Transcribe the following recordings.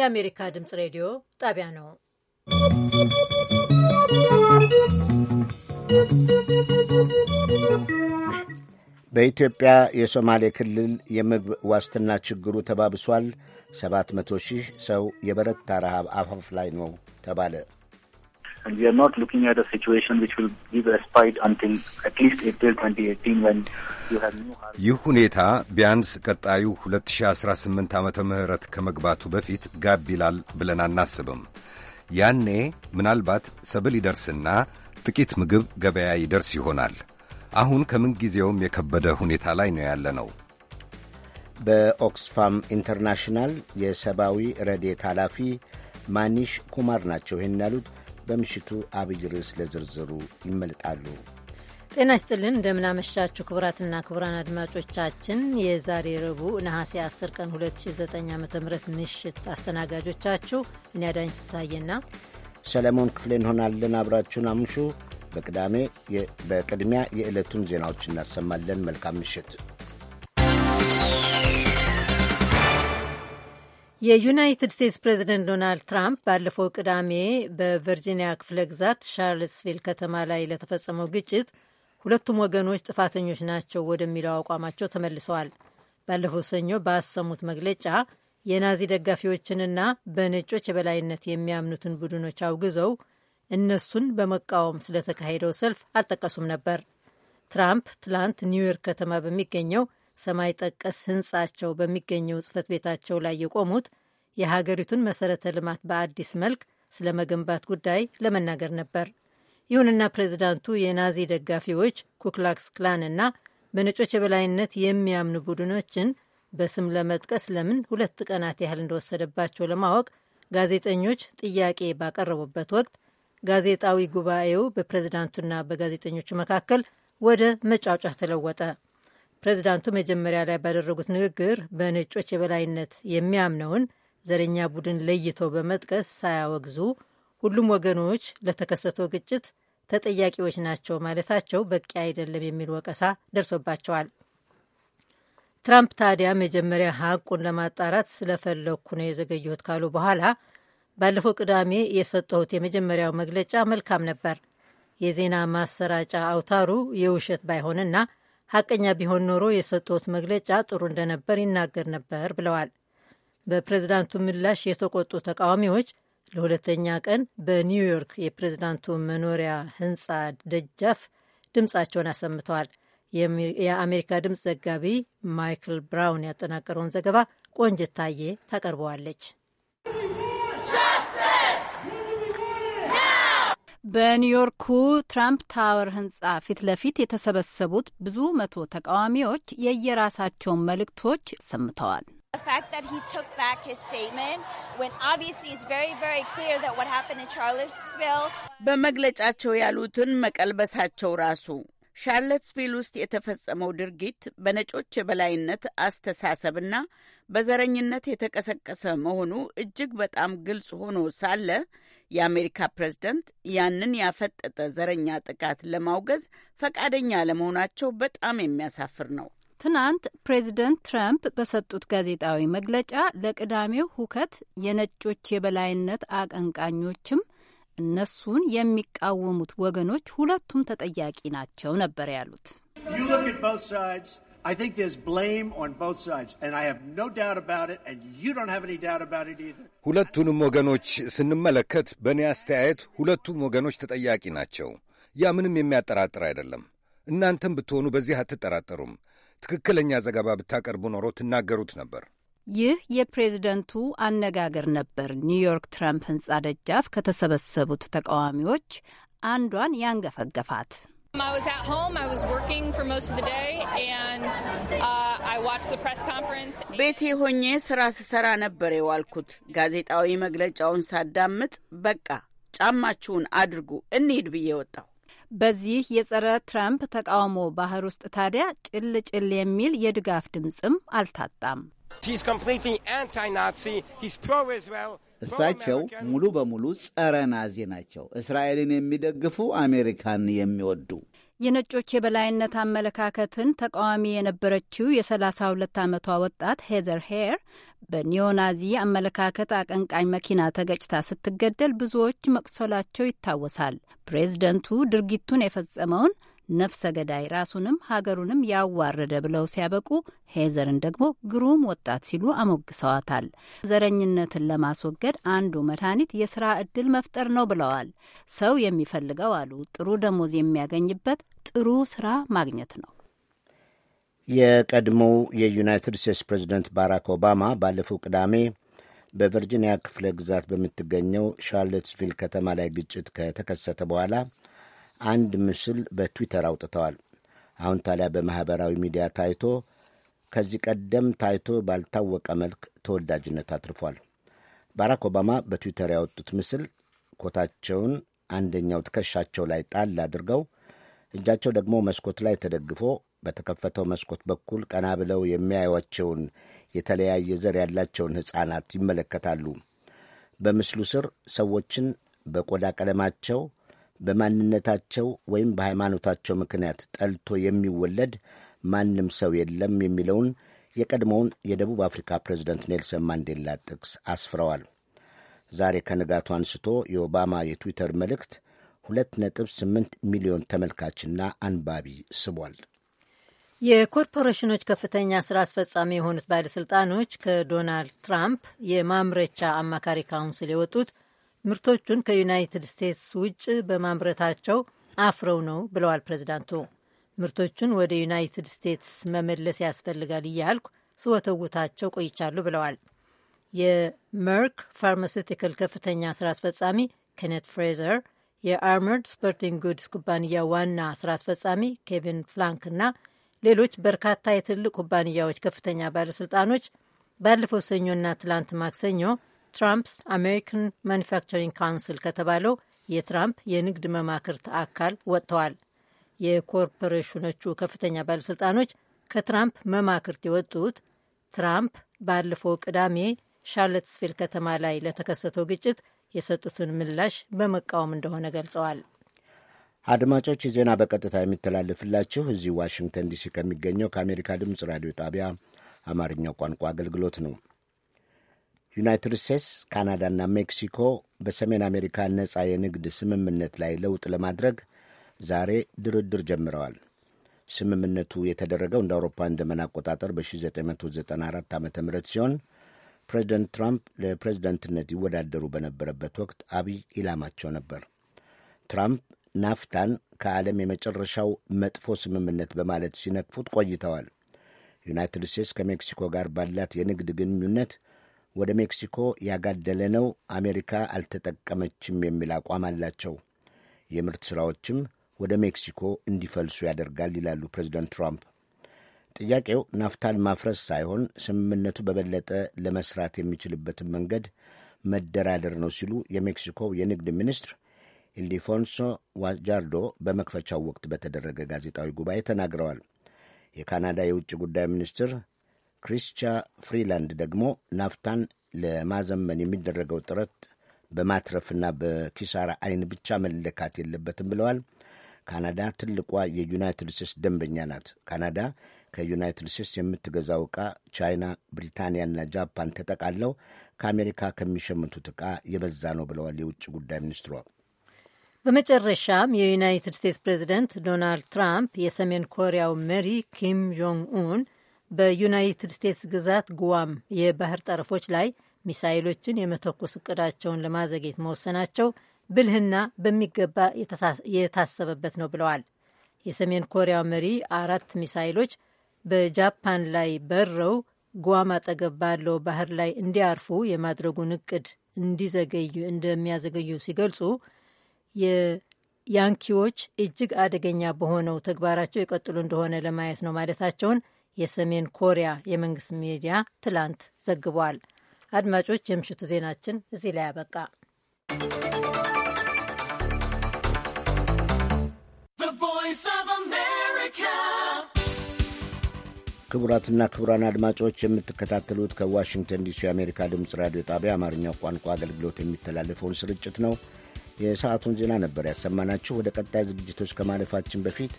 የአሜሪካ ድምፅ ሬዲዮ ጣቢያ ነው። በኢትዮጵያ የሶማሌ ክልል የምግብ ዋስትና ችግሩ ተባብሷል። 700 ሺህ ሰው የበረታ ረሃብ አፋፍ ላይ ነው ተባለ። and we are not looking at a situation which will give respite until at least April 2018 when you have new ይህ ሁኔታ ቢያንስ ቀጣዩ 2018 ዓመተ ምህረት ከመግባቱ በፊት ጋብ ይላል ብለን አናስብም። ያኔ ምናልባት ሰብል ይደርስና ጥቂት ምግብ ገበያ ይደርስ ይሆናል። አሁን ከምንጊዜውም የከበደ ሁኔታ ላይ ነው ያለነው። በኦክስፋም ኢንተርናሽናል የሰብአዊ ረዴት ኃላፊ ማኒሽ ኩማር ናቸው ይህን ያሉት። በምሽቱ አብይ ርዕስ ለዝርዝሩ ይመልጣሉ። ጤና ይስጥልን፣ እንደምናመሻችሁ ክቡራትና ክቡራን አድማጮቻችን የዛሬ ረቡዕ ነሐሴ 10 ቀን 2009 ዓ ም ምሽት አስተናጋጆቻችሁ እኔ አዳኝ ፍሳዬና ሰለሞን ክፍሌ እንሆናለን። አብራችሁን አምሹ። በቅዳሜ በቅድሚያ የዕለቱን ዜናዎች እናሰማለን። መልካም ምሽት። የዩናይትድ ስቴትስ ፕሬዚደንት ዶናልድ ትራምፕ ባለፈው ቅዳሜ በቨርጂኒያ ክፍለ ግዛት ሻርልስቪል ከተማ ላይ ለተፈጸመው ግጭት ሁለቱም ወገኖች ጥፋተኞች ናቸው ወደሚለው አቋማቸው ተመልሰዋል። ባለፈው ሰኞ ባሰሙት መግለጫ የናዚ ደጋፊዎችንና በነጮች የበላይነት የሚያምኑትን ቡድኖች አውግዘው እነሱን በመቃወም ስለተካሄደው ሰልፍ አልጠቀሱም ነበር። ትራምፕ ትላንት ኒውዮርክ ከተማ በሚገኘው ሰማይ ጠቀስ ህንጻቸው በሚገኘው ጽህፈት ቤታቸው ላይ የቆሙት የሀገሪቱን መሰረተ ልማት በአዲስ መልክ ስለ መገንባት ጉዳይ ለመናገር ነበር። ይሁንና ፕሬዚዳንቱ የናዚ ደጋፊዎች ኩክላክስ ክላንና በነጮች የበላይነት የሚያምኑ ቡድኖችን በስም ለመጥቀስ ለምን ሁለት ቀናት ያህል እንደወሰደባቸው ለማወቅ ጋዜጠኞች ጥያቄ ባቀረቡበት ወቅት ጋዜጣዊ ጉባኤው በፕሬዝዳንቱና በጋዜጠኞቹ መካከል ወደ መጫወቻ ተለወጠ። ፕሬዚዳንቱ መጀመሪያ ላይ ባደረጉት ንግግር በነጮች የበላይነት የሚያምነውን ዘረኛ ቡድን ለይቶ በመጥቀስ ሳያወግዙ ሁሉም ወገኖች ለተከሰተው ግጭት ተጠያቂዎች ናቸው ማለታቸው በቂ አይደለም የሚል ወቀሳ ደርሶባቸዋል። ትራምፕ ታዲያ መጀመሪያ ሀቁን ለማጣራት ስለፈለግኩ ነው የዘገየሁት ካሉ በኋላ ባለፈው ቅዳሜ የሰጠሁት የመጀመሪያው መግለጫ መልካም ነበር። የዜና ማሰራጫ አውታሩ የውሸት ባይሆንና ሐቀኛ ቢሆን ኖሮ የሰጡት መግለጫ ጥሩ እንደነበር ይናገር ነበር ብለዋል። በፕሬዝዳንቱ ምላሽ የተቆጡ ተቃዋሚዎች ለሁለተኛ ቀን በኒውዮርክ የፕሬዝዳንቱ መኖሪያ ህንፃ ደጃፍ ድምፃቸውን አሰምተዋል። የአሜሪካ ድምፅ ዘጋቢ ማይክል ብራውን ያጠናቀረውን ዘገባ ቆንጅታዬ ታቀርበዋለች። በኒውዮርኩ ትራምፕ ታወር ህንጻ ፊት ለፊት የተሰበሰቡት ብዙ መቶ ተቃዋሚዎች የየራሳቸውን መልእክቶች ሰምተዋል። በመግለጫቸው ያሉትን መቀልበሳቸው ራሱ ሻርለትስቪል ውስጥ የተፈጸመው ድርጊት በነጮች የበላይነት አስተሳሰብና በዘረኝነት የተቀሰቀሰ መሆኑ እጅግ በጣም ግልጽ ሆኖ ሳለ የአሜሪካ ፕሬዝደንት ያንን ያፈጠጠ ዘረኛ ጥቃት ለማውገዝ ፈቃደኛ ለመሆናቸው በጣም የሚያሳፍር ነው። ትናንት ፕሬዝደንት ትራምፕ በሰጡት ጋዜጣዊ መግለጫ ለቅዳሜው ሁከት የነጮች የበላይነት አቀንቃኞችም እነሱን የሚቃወሙት ወገኖች ሁለቱም ተጠያቂ ናቸው ነበር ያሉት። I think there's blame on both sides, and I have no doubt about it, and you don't have any doubt about it either. ሁለቱንም ወገኖች ስንመለከት በእኔ አስተያየት ሁለቱም ወገኖች ተጠያቂ ናቸው። ያ ምንም የሚያጠራጥር አይደለም። እናንተም ብትሆኑ በዚህ አትጠራጠሩም። ትክክለኛ ዘገባ ብታቀርቡ ኖሮ ትናገሩት ነበር። ይህ የፕሬዝደንቱ አነጋገር ነበር። ኒውዮርክ ትራምፕ ሕንጻ ደጃፍ ከተሰበሰቡት ተቃዋሚዎች አንዷን ያንገፈገፋት Um, I was at home. I was working for most of the day, and uh, I watched the press conference. ቤቴ ሆኜ ስራ ስሰራ ነበር የዋልኩት። ጋዜጣዊ መግለጫውን ሳዳምጥ በቃ ጫማችሁን አድርጉ እንሂድ ብዬ ወጣሁ። በዚህ የጸረ ትራምፕ ተቃውሞ ባህር ውስጥ ታዲያ ጭል ጭል የሚል የድጋፍ ድምፅም አልታጣም። እሳቸው ሙሉ በሙሉ ጸረ ናዚ ናቸው። እስራኤልን የሚደግፉ አሜሪካን የሚወዱ የነጮች የበላይነት አመለካከትን ተቃዋሚ የነበረችው የ32 ዓመቷ ወጣት ሄዘር ሄር በኒዮናዚ አመለካከት አቀንቃኝ መኪና ተገጭታ ስትገደል ብዙዎች መቁሰላቸው ይታወሳል። ፕሬዝደንቱ ድርጊቱን የፈጸመውን ነፍሰ ገዳይ ራሱንም ሀገሩንም ያዋረደ ብለው ሲያበቁ ሄዘርን ደግሞ ግሩም ወጣት ሲሉ አሞግሰዋታል። ዘረኝነትን ለማስወገድ አንዱ መድኃኒት የስራ እድል መፍጠር ነው ብለዋል። ሰው የሚፈልገው አሉ፣ ጥሩ ደሞዝ የሚያገኝበት ጥሩ ስራ ማግኘት ነው። የቀድሞው የዩናይትድ ስቴትስ ፕሬዚደንት ባራክ ኦባማ ባለፈው ቅዳሜ በቨርጂኒያ ክፍለ ግዛት በምትገኘው ሻርሎትስቪል ከተማ ላይ ግጭት ከተከሰተ በኋላ አንድ ምስል በትዊተር አውጥተዋል። አሁን ታዲያ በማኅበራዊ ሚዲያ ታይቶ ከዚህ ቀደም ታይቶ ባልታወቀ መልክ ተወዳጅነት አትርፏል። ባራክ ኦባማ በትዊተር ያወጡት ምስል ኮታቸውን አንደኛው ትከሻቸው ላይ ጣል አድርገው እጃቸው ደግሞ መስኮት ላይ ተደግፎ በተከፈተው መስኮት በኩል ቀና ብለው የሚያዩቸውን የተለያየ ዘር ያላቸውን ሕፃናት ይመለከታሉ። በምስሉ ስር ሰዎችን በቆዳ ቀለማቸው በማንነታቸው ወይም በሃይማኖታቸው ምክንያት ጠልቶ የሚወለድ ማንም ሰው የለም የሚለውን የቀድሞውን የደቡብ አፍሪካ ፕሬዝደንት ኔልሰን ማንዴላ ጥቅስ አስፍረዋል። ዛሬ ከንጋቱ አንስቶ የኦባማ የትዊተር መልእክት 2.8 ሚሊዮን ተመልካችና አንባቢ ስቧል። የኮርፖሬሽኖች ከፍተኛ ስራ አስፈጻሚ የሆኑት ባለሥልጣኖች ከዶናልድ ትራምፕ የማምረቻ አማካሪ ካውንስል የወጡት ምርቶቹን ከዩናይትድ ስቴትስ ውጭ በማምረታቸው አፍረው ነው ብለዋል ፕሬዚዳንቱ። ምርቶቹን ወደ ዩናይትድ ስቴትስ መመለስ ያስፈልጋል እያልኩ ስወተውታቸው ቆይቻሉ ብለዋል። የመርክ ፋርማሲቲካል ከፍተኛ ስራ አስፈጻሚ ኬኔት ፍሬዘር፣ የአርመርድ ስፐርቲንግ ጉድስ ኩባንያ ዋና ስራ አስፈጻሚ ኬቪን ፍላንክ እና ሌሎች በርካታ የትልቅ ኩባንያዎች ከፍተኛ ባለስልጣኖች ባለፈው ሰኞና ትላንት ማክሰኞ ትራምፕስ አሜሪካን ማኒፋክቸሪንግ ካውንስል ከተባለው የትራምፕ የንግድ መማክርት አካል ወጥተዋል። የኮርፖሬሽኖቹ ከፍተኛ ባለሥልጣኖች ከትራምፕ መማክርት የወጡት ትራምፕ ባለፈው ቅዳሜ ሻርለትስቪል ከተማ ላይ ለተከሰተው ግጭት የሰጡትን ምላሽ በመቃወም እንደሆነ ገልጸዋል። አድማጮች ዜና በቀጥታ የሚተላለፍላችሁ እዚህ ዋሽንግተን ዲሲ ከሚገኘው ከአሜሪካ ድምፅ ራዲዮ ጣቢያ አማርኛው ቋንቋ አገልግሎት ነው። ዩናይትድ ስቴትስ፣ ካናዳና ሜክሲኮ በሰሜን አሜሪካ ነጻ የንግድ ስምምነት ላይ ለውጥ ለማድረግ ዛሬ ድርድር ጀምረዋል። ስምምነቱ የተደረገው እንደ አውሮፓውያን ዘመን አቆጣጠር በ1994 ዓ ም ሲሆን ፕሬዚደንት ትራምፕ ለፕሬዚደንትነት ይወዳደሩ በነበረበት ወቅት አብይ ኢላማቸው ነበር። ትራምፕ ናፍታን ከዓለም የመጨረሻው መጥፎ ስምምነት በማለት ሲነቅፉት ቆይተዋል። ዩናይትድ ስቴትስ ከሜክሲኮ ጋር ባላት የንግድ ግንኙነት ወደ ሜክሲኮ ያጋደለ ነው፣ አሜሪካ አልተጠቀመችም የሚል አቋም አላቸው። የምርት ሥራዎችም ወደ ሜክሲኮ እንዲፈልሱ ያደርጋል ይላሉ ፕሬዚደንት ትራምፕ። ጥያቄው ናፍታን ማፍረስ ሳይሆን ስምምነቱ በበለጠ ለመስራት የሚችልበትን መንገድ መደራደር ነው ሲሉ የሜክሲኮው የንግድ ሚኒስትር ኢልዲፎንሶ ዋጃርዶ በመክፈቻው ወቅት በተደረገ ጋዜጣዊ ጉባኤ ተናግረዋል። የካናዳ የውጭ ጉዳይ ሚኒስትር ክሪስቻ ፍሪላንድ ደግሞ ናፍታን ለማዘመን የሚደረገው ጥረት በማትረፍና በኪሳራ አይን ብቻ መለካት የለበትም ብለዋል። ካናዳ ትልቋ የዩናይትድ ስቴትስ ደንበኛ ናት። ካናዳ ከዩናይትድ ስቴትስ የምትገዛው ዕቃ ቻይና፣ ብሪታንያና ጃፓን ተጠቃለው ከአሜሪካ ከሚሸምቱት ዕቃ የበዛ ነው ብለዋል የውጭ ጉዳይ ሚኒስትሯ። በመጨረሻም የዩናይትድ ስቴትስ ፕሬዚደንት ዶናልድ ትራምፕ የሰሜን ኮሪያው መሪ ኪም ጆንግ ኡን በዩናይትድ ስቴትስ ግዛት ጉዋም የባህር ጠረፎች ላይ ሚሳይሎችን የመተኮስ እቅዳቸውን ለማዘግየት መወሰናቸው ብልህና በሚገባ የታሰበበት ነው ብለዋል። የሰሜን ኮሪያ መሪ አራት ሚሳይሎች በጃፓን ላይ በረው ጓም አጠገብ ባለው ባህር ላይ እንዲያርፉ የማድረጉን እቅድ እንዲዘገዩ እንደሚያዘገዩ ሲገልጹ የያንኪዎች እጅግ አደገኛ በሆነው ተግባራቸው የቀጥሉ እንደሆነ ለማየት ነው ማለታቸውን የሰሜን ኮሪያ የመንግስት ሚዲያ ትላንት ዘግቧል። አድማጮች፣ የምሽቱ ዜናችን እዚህ ላይ አበቃ። ክቡራትና ክቡራን አድማጮች የምትከታተሉት ከዋሽንግተን ዲሲ የአሜሪካ ድምፅ ራዲዮ ጣቢያ አማርኛው ቋንቋ አገልግሎት የሚተላለፈውን ስርጭት ነው። የሰዓቱን ዜና ነበር ያሰማናችሁ። ወደ ቀጣይ ዝግጅቶች ከማለፋችን በፊት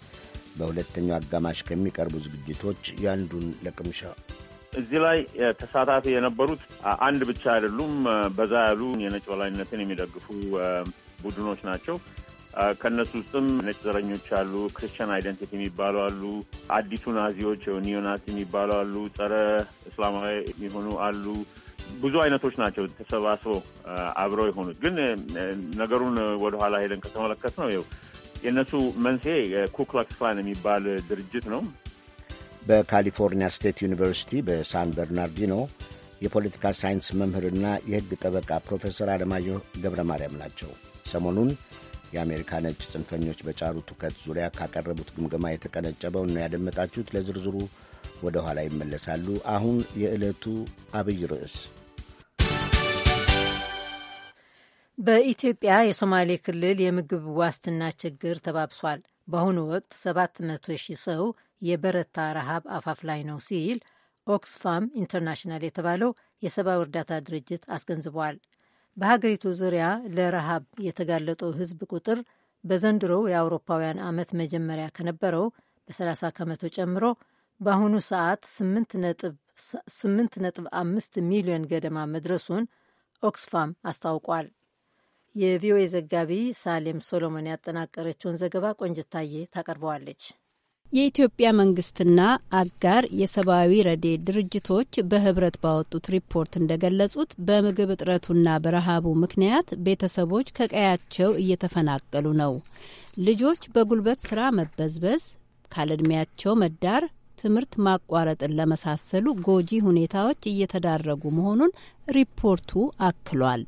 በሁለተኛው አጋማሽ ከሚቀርቡ ዝግጅቶች ያንዱን ለቅምሻ እዚህ ላይ ተሳታፊ የነበሩት አንድ ብቻ አይደሉም። በዛ ያሉ የነጭ በላይነትን የሚደግፉ ቡድኖች ናቸው። ከእነሱ ውስጥም ነጭ ዘረኞች አሉ፣ ክርስቲያን አይደንቲቲ የሚባሉ አሉ፣ አዲሱ ናዚዎች ኒዮናት የሚባሉ አሉ፣ ጸረ እስላማዊ የሆኑ አሉ። ብዙ አይነቶች ናቸው ተሰባስበው አብረው የሆኑት። ግን ነገሩን ወደኋላ ሄደን ከተመለከት ነው የእነሱ መንስኤ የኩክላክስ ክላን የሚባል ድርጅት ነው። በካሊፎርኒያ ስቴት ዩኒቨርሲቲ በሳን በርናርዲኖ የፖለቲካ ሳይንስ መምህርና የሕግ ጠበቃ ፕሮፌሰር አለማየሁ ገብረ ማርያም ናቸው። ሰሞኑን የአሜሪካ ነጭ ጽንፈኞች በጫሩት ሁከት ዙሪያ ካቀረቡት ግምገማ የተቀነጨበው ነው ያደመጣችሁት። ለዝርዝሩ ወደ ኋላ ይመለሳሉ። አሁን የዕለቱ አብይ ርዕስ በኢትዮጵያ የሶማሌ ክልል የምግብ ዋስትና ችግር ተባብሷል። በአሁኑ ወቅት 700 ሺህ ሰው የበረታ ረሃብ አፋፍ ላይ ነው ሲል ኦክስፋም ኢንተርናሽናል የተባለው የሰብአዊ እርዳታ ድርጅት አስገንዝቧል። በሀገሪቱ ዙሪያ ለረሃብ የተጋለጠው ሕዝብ ቁጥር በዘንድሮው የአውሮፓውያን ዓመት መጀመሪያ ከነበረው በ30 ከመቶ ጨምሮ በአሁኑ ሰዓት 8.5 ሚሊዮን ገደማ መድረሱን ኦክስፋም አስታውቋል። የቪኦኤ ዘጋቢ ሳሌም ሶሎሞን ያጠናቀረችውን ዘገባ ቆንጅታዬ ታቀርበዋለች። የኢትዮጵያ መንግስትና አጋር የሰብአዊ ረዴ ድርጅቶች በህብረት ባወጡት ሪፖርት እንደገለጹት በምግብ እጥረቱና በረሃቡ ምክንያት ቤተሰቦች ከቀያቸው እየተፈናቀሉ ነው። ልጆች በጉልበት ስራ መበዝበዝ፣ ካለዕድሜያቸው መዳር፣ ትምህርት ማቋረጥን ለመሳሰሉ ጎጂ ሁኔታዎች እየተዳረጉ መሆኑን ሪፖርቱ አክሏል።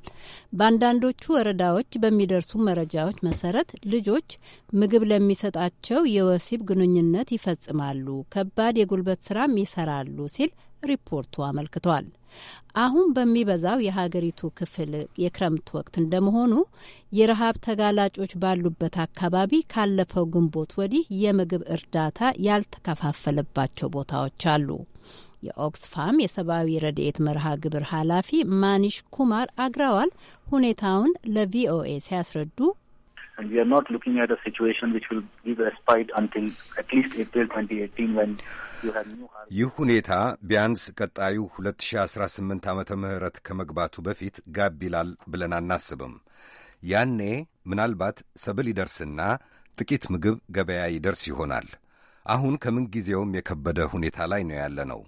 በአንዳንዶቹ ወረዳዎች በሚደርሱ መረጃዎች መሰረት ልጆች ምግብ ለሚሰጣቸው የወሲብ ግንኙነት ይፈጽማሉ፣ ከባድ የጉልበት ስራም ይሰራሉ ሲል ሪፖርቱ አመልክቷል። አሁን በሚበዛው የሀገሪቱ ክፍል የክረምት ወቅት እንደመሆኑ የረሃብ ተጋላጮች ባሉበት አካባቢ ካለፈው ግንቦት ወዲህ የምግብ እርዳታ ያልተከፋፈለባቸው ቦታዎች አሉ። የኦክስፋም የሰብአዊ ረድኤት መርሃ ግብር ኃላፊ ማኒሽ ኩማር አግረዋል ሁኔታውን ለቪኦኤ ሲያስረዱ ይህ ሁኔታ ቢያንስ ቀጣዩ 2018 ዓመተ ምህረት ከመግባቱ በፊት ጋብ ይላል ብለን አናስብም። ያኔ ምናልባት ሰብል ይደርስና ጥቂት ምግብ ገበያ ይደርስ ይሆናል። አሁን ከምንጊዜውም የከበደ ሁኔታ ላይ ነው ያለነው።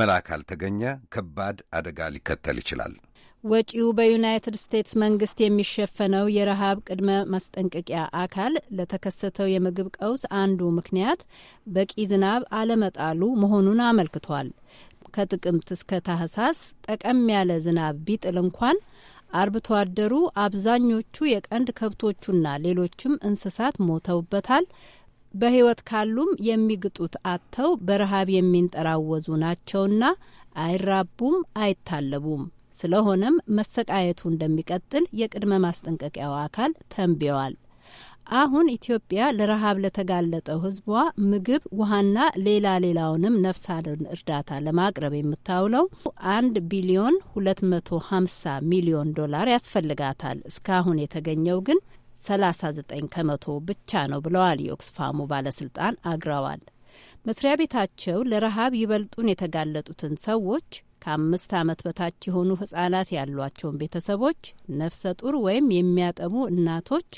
መላ ካልተገኘ ከባድ አደጋ ሊከተል ይችላል። ወጪው በዩናይትድ ስቴትስ መንግስት የሚሸፈነው የረሃብ ቅድመ ማስጠንቀቂያ አካል ለተከሰተው የምግብ ቀውስ አንዱ ምክንያት በቂ ዝናብ አለመጣሉ መሆኑን አመልክቷል። ከጥቅምት እስከ ታህሳስ ጠቀም ያለ ዝናብ ቢጥል እንኳን አርብቶ አደሩ አብዛኞቹ የቀንድ ከብቶቹና ሌሎችም እንስሳት ሞተውበታል። በህይወት ካሉም የሚግጡት አጥተው በረሃብ የሚንጠራወዙ ናቸውና አይራቡም፣ አይታለቡም። ስለሆነም መሰቃየቱ እንደሚቀጥል የቅድመ ማስጠንቀቂያው አካል ተንብየዋል። አሁን ኢትዮጵያ ለረሃብ ለተጋለጠው ሕዝቧ ምግብ፣ ውሃና ሌላ ሌላውንም ነፍስ አድን እርዳታ ለማቅረብ የምታውለው አንድ ቢሊዮን ሁለት መቶ ሀምሳ ሚሊዮን ዶላር ያስፈልጋታል። እስካሁን የተገኘው ግን ሰላሳ ዘጠኝ ከመቶ ብቻ ነው ብለዋል የኦክስፋሙ ባለስልጣን አግረዋል። መስሪያ ቤታቸው ለረሃብ ይበልጡን የተጋለጡትን ሰዎች ከአምስት ዓመት በታች የሆኑ ህጻናት ያሏቸውን ቤተሰቦች፣ ነፍሰ ጡር ወይም የሚያጠቡ እናቶች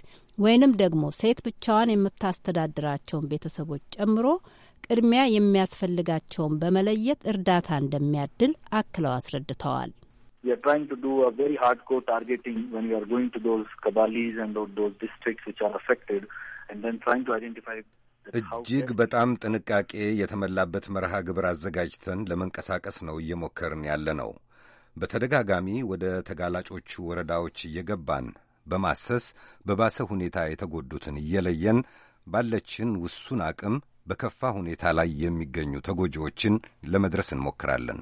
ወይንም ደግሞ ሴት ብቻዋን የምታስተዳድራቸውን ቤተሰቦች ጨምሮ ቅድሚያ የሚያስፈልጋቸውን በመለየት እርዳታ እንደሚያድል አክለው አስረድተዋል። እጅግ በጣም ጥንቃቄ የተሞላበት መርሃ ግብር አዘጋጅተን ለመንቀሳቀስ ነው እየሞከርን ያለ ነው። በተደጋጋሚ ወደ ተጋላጮቹ ወረዳዎች እየገባን በማሰስ በባሰ ሁኔታ የተጎዱትን እየለየን ባለችን ውሱን አቅም በከፋ ሁኔታ ላይ የሚገኙ ተጎጂዎችን ለመድረስ እንሞክራለን።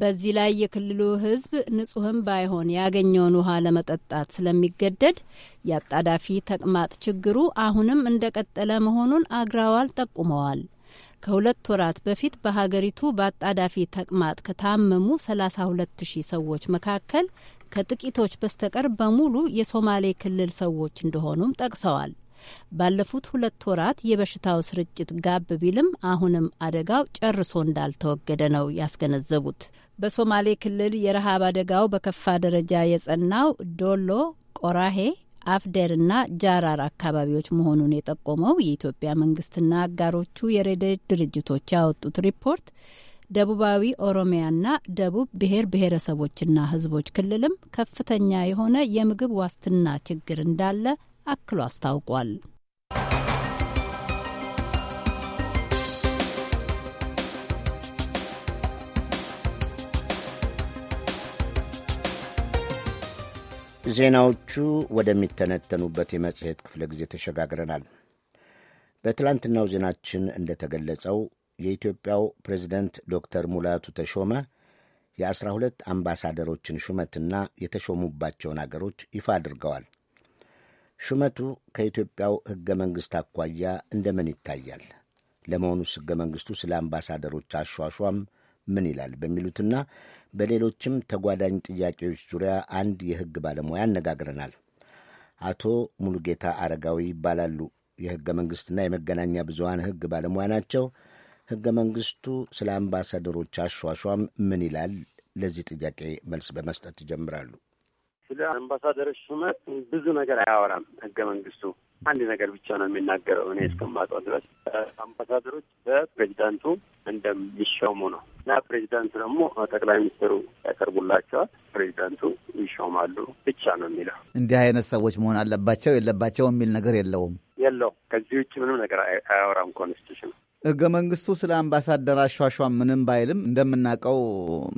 በዚህ ላይ የክልሉ ህዝብ ንጹህም ባይሆን ያገኘውን ውሃ ለመጠጣት ስለሚገደድ የአጣዳፊ ተቅማጥ ችግሩ አሁንም እንደቀጠለ መሆኑን አግራዋል ጠቁመዋል። ከሁለት ወራት በፊት በሀገሪቱ በአጣዳፊ ተቅማጥ ከታመሙ 32 ሺህ ሰዎች መካከል ከጥቂቶች በስተቀር በሙሉ የሶማሌ ክልል ሰዎች እንደሆኑም ጠቅሰዋል። ባለፉት ሁለት ወራት የበሽታው ስርጭት ጋብ ቢልም አሁንም አደጋው ጨርሶ እንዳልተወገደ ነው ያስገነዘቡት። በሶማሌ ክልል የረሃብ አደጋው በከፋ ደረጃ የጸናው ዶሎ፣ ቆራሄ፣ አፍዴርና ጃራር አካባቢዎች መሆኑን የጠቆመው የኢትዮጵያ መንግስትና አጋሮቹ የረድኤት ድርጅቶች ያወጡት ሪፖርት ደቡባዊ ኦሮሚያና ደቡብ ብሔር ብሔረሰቦችና ሕዝቦች ክልልም ከፍተኛ የሆነ የምግብ ዋስትና ችግር እንዳለ አክሎ አስታውቋል። ዜናዎቹ ወደሚተነተኑበት የመጽሔት ክፍለ ጊዜ ተሸጋግረናል። በትላንትናው ዜናችን እንደተገለጸው የኢትዮጵያው ፕሬዚደንት ዶክተር ሙላቱ ተሾመ የአስራ ሁለት አምባሳደሮችን ሹመትና የተሾሙባቸውን አገሮች ይፋ አድርገዋል። ሹመቱ ከኢትዮጵያው ሕገ መንግሥት አኳያ እንደምን ይታያል? ለመሆኑስ ሕገ መንግሥቱ ስለ አምባሳደሮች አሿሿም ምን ይላል? በሚሉትና በሌሎችም ተጓዳኝ ጥያቄዎች ዙሪያ አንድ የሕግ ባለሙያ አነጋግረናል። አቶ ሙሉጌታ አረጋዊ ይባላሉ። የሕገ መንግሥትና የመገናኛ ብዙሃን ሕግ ባለሙያ ናቸው። ሕገ መንግሥቱ ስለ አምባሳደሮች አሿሿም ምን ይላል? ለዚህ ጥያቄ መልስ በመስጠት ይጀምራሉ። ስለ አምባሳደሮች ሹመት ብዙ ነገር አያወራም ህገ መንግስቱ። አንድ ነገር ብቻ ነው የሚናገረው እኔ እስከማውቀው ድረስ አምባሳደሮች በፕሬዚዳንቱ እንደሚሾሙ ነው እና ፕሬዚዳንቱ ደግሞ ጠቅላይ ሚኒስትሩ ያቀርቡላቸዋል፣ ፕሬዚዳንቱ ይሾማሉ ብቻ ነው የሚለው። እንዲህ አይነት ሰዎች መሆን አለባቸው የለባቸው የሚል ነገር የለውም የለውም። ከዚህ ውጭ ምንም ነገር አያወራም ኮንስቲቱሽን ህገ መንግስቱ ስለ አምባሳደር አሿሿም ምንም ባይልም እንደምናውቀው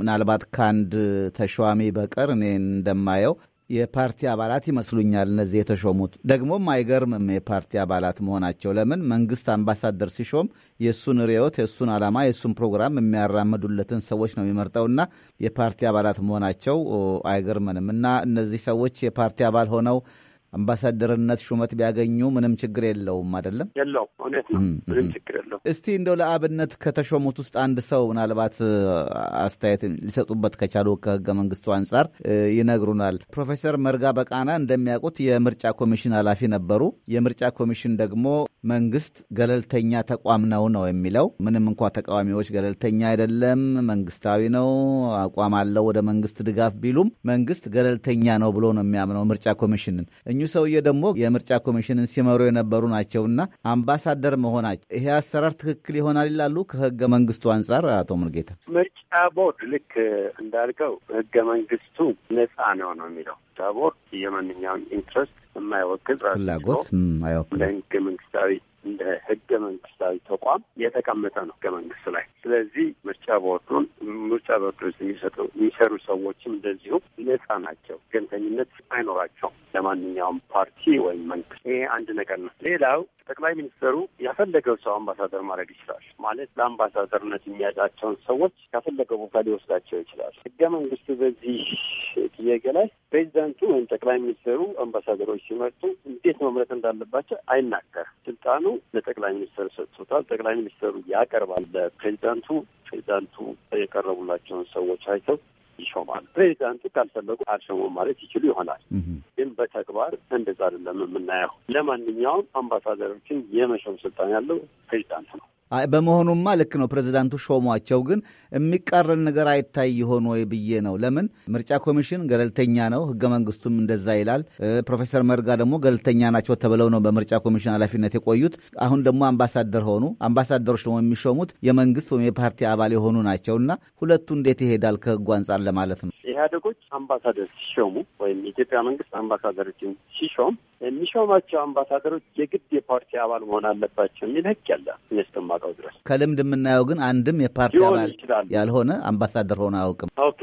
ምናልባት ከአንድ ተሿሚ በቀር እኔ እንደማየው የፓርቲ አባላት ይመስሉኛል እነዚህ የተሾሙት። ደግሞም አይገርምም የፓርቲ አባላት መሆናቸው። ለምን መንግስት አምባሳደር ሲሾም የእሱን ርዕዮት፣ የእሱን ዓላማ፣ የእሱን ፕሮግራም የሚያራምዱለትን ሰዎች ነው የሚመርጠውና የፓርቲ አባላት መሆናቸው አይገርምንም። እና እነዚህ ሰዎች የፓርቲ አባል ሆነው አምባሳደርነት ሹመት ቢያገኙ ምንም ችግር የለውም። አይደለም የለው፣ እውነት ነው። ምንም ችግር የለውም። እስቲ እንደው ለአብነት ከተሾሙት ውስጥ አንድ ሰው ምናልባት አስተያየት ሊሰጡበት ከቻሉ ከህገ መንግስቱ አንጻር ይነግሩናል። ፕሮፌሰር መርጋ በቃና እንደሚያውቁት የምርጫ ኮሚሽን ኃላፊ ነበሩ። የምርጫ ኮሚሽን ደግሞ መንግስት ገለልተኛ ተቋም ነው ነው የሚለው ምንም እንኳ ተቃዋሚዎች ገለልተኛ አይደለም፣ መንግስታዊ ነው፣ አቋም አለው ወደ መንግስት ድጋፍ ቢሉም መንግስት ገለልተኛ ነው ብሎ ነው የሚያምነው ምርጫ ኮሚሽንን እኚሁ ሰውዬ ደግሞ የምርጫ ኮሚሽንን ሲመሩ የነበሩ ናቸውና አምባሳደር መሆናቸው ይሄ አሰራር ትክክል ይሆናል ይላሉ ከህገ መንግስቱ አንጻር አቶ ሙልጌታ? ምርጫ ቦርድ ልክ እንዳልከው ህገ መንግስቱ ነጻ ነው ነው የሚለው ቦርድ የማንኛውን ኢንትረስት የማይወክል ራሱ ለህገ መንግስታዊ እንደ ህገ መንግስታዊ ተቋም የተቀመጠ ነው ህገ መንግስት ላይ። ስለዚህ ምርጫ ቦርዱን ምርጫ ቦርድ ውስጥ የሚሰሩ ሰዎችም እንደዚሁ ነጻ ናቸው፣ ገንተኝነት አይኖራቸውም ለማንኛውም ፓርቲ ወይም መንግስት። ይሄ አንድ ነገር ነው። ሌላው ጠቅላይ ሚኒስትሩ ያፈለገው ሰው አምባሳደር ማድረግ ይችላል። ማለት ለአምባሳደርነት የሚያጫቸውን ሰዎች ያፈለገው ቦታ ሊወስዳቸው ይችላል። ህገ መንግስቱ በዚህ ጥያቄ ላይ ፕሬዚዳንቱ ወይም ጠቅላይ ሚኒስትሩ አምባሳደሮች ሲመርጡ እንዴት መምረጥ እንዳለባቸው አይናገርም። ስልጣኑ ለጠቅላይ ሚኒስተር ሰጥቶታል። ጠቅላይ ሚኒስተሩ ያቀርባል ለፕሬዚዳንቱ፣ ፕሬዚዳንቱ የቀረቡላቸውን ሰዎች አይተው ይሾማል። ፕሬዚዳንቱ ካልፈለጉ አልሾሙም ማለት ይችሉ ይሆናል። ግን በተግባር እንደዛ አይደለም የምናየው። ለማንኛውም አምባሳደሮችን የመሾም ስልጣን ያለው ፕሬዚዳንት ነው። በመሆኑማ ልክ ነው ፕሬዚዳንቱ ሾሟቸው። ግን የሚቃረን ነገር አይታይ ይሆን ወይ ብዬ ነው። ለምን ምርጫ ኮሚሽን ገለልተኛ ነው፣ ህገ መንግስቱም እንደዛ ይላል። ፕሮፌሰር መርጋ ደግሞ ገለልተኛ ናቸው ተብለው ነው በምርጫ ኮሚሽን ኃላፊነት የቆዩት። አሁን ደግሞ አምባሳደር ሆኑ። አምባሳደሮች ደግሞ የሚሾሙት የመንግስት ወይም የፓርቲ አባል የሆኑ ናቸው እና ሁለቱ እንዴት ይሄዳል ከህጉ አንጻር ለማለት ነው። ኢህአዴጎች አምባሳደር ሲሾሙ ወይም የኢትዮጵያ መንግስት አምባሳደሮችን ሲሾም የሚሾማቸው አምባሳደሮች የግድ የፓርቲ አባል መሆን አለባቸው የሚል ህግ ያለ እስከማውቀው ድረስ። ከልምድ የምናየው ግን አንድም የፓርቲ አባል ያልሆነ አምባሳደር ሆነ አያውቅም። ኦኬ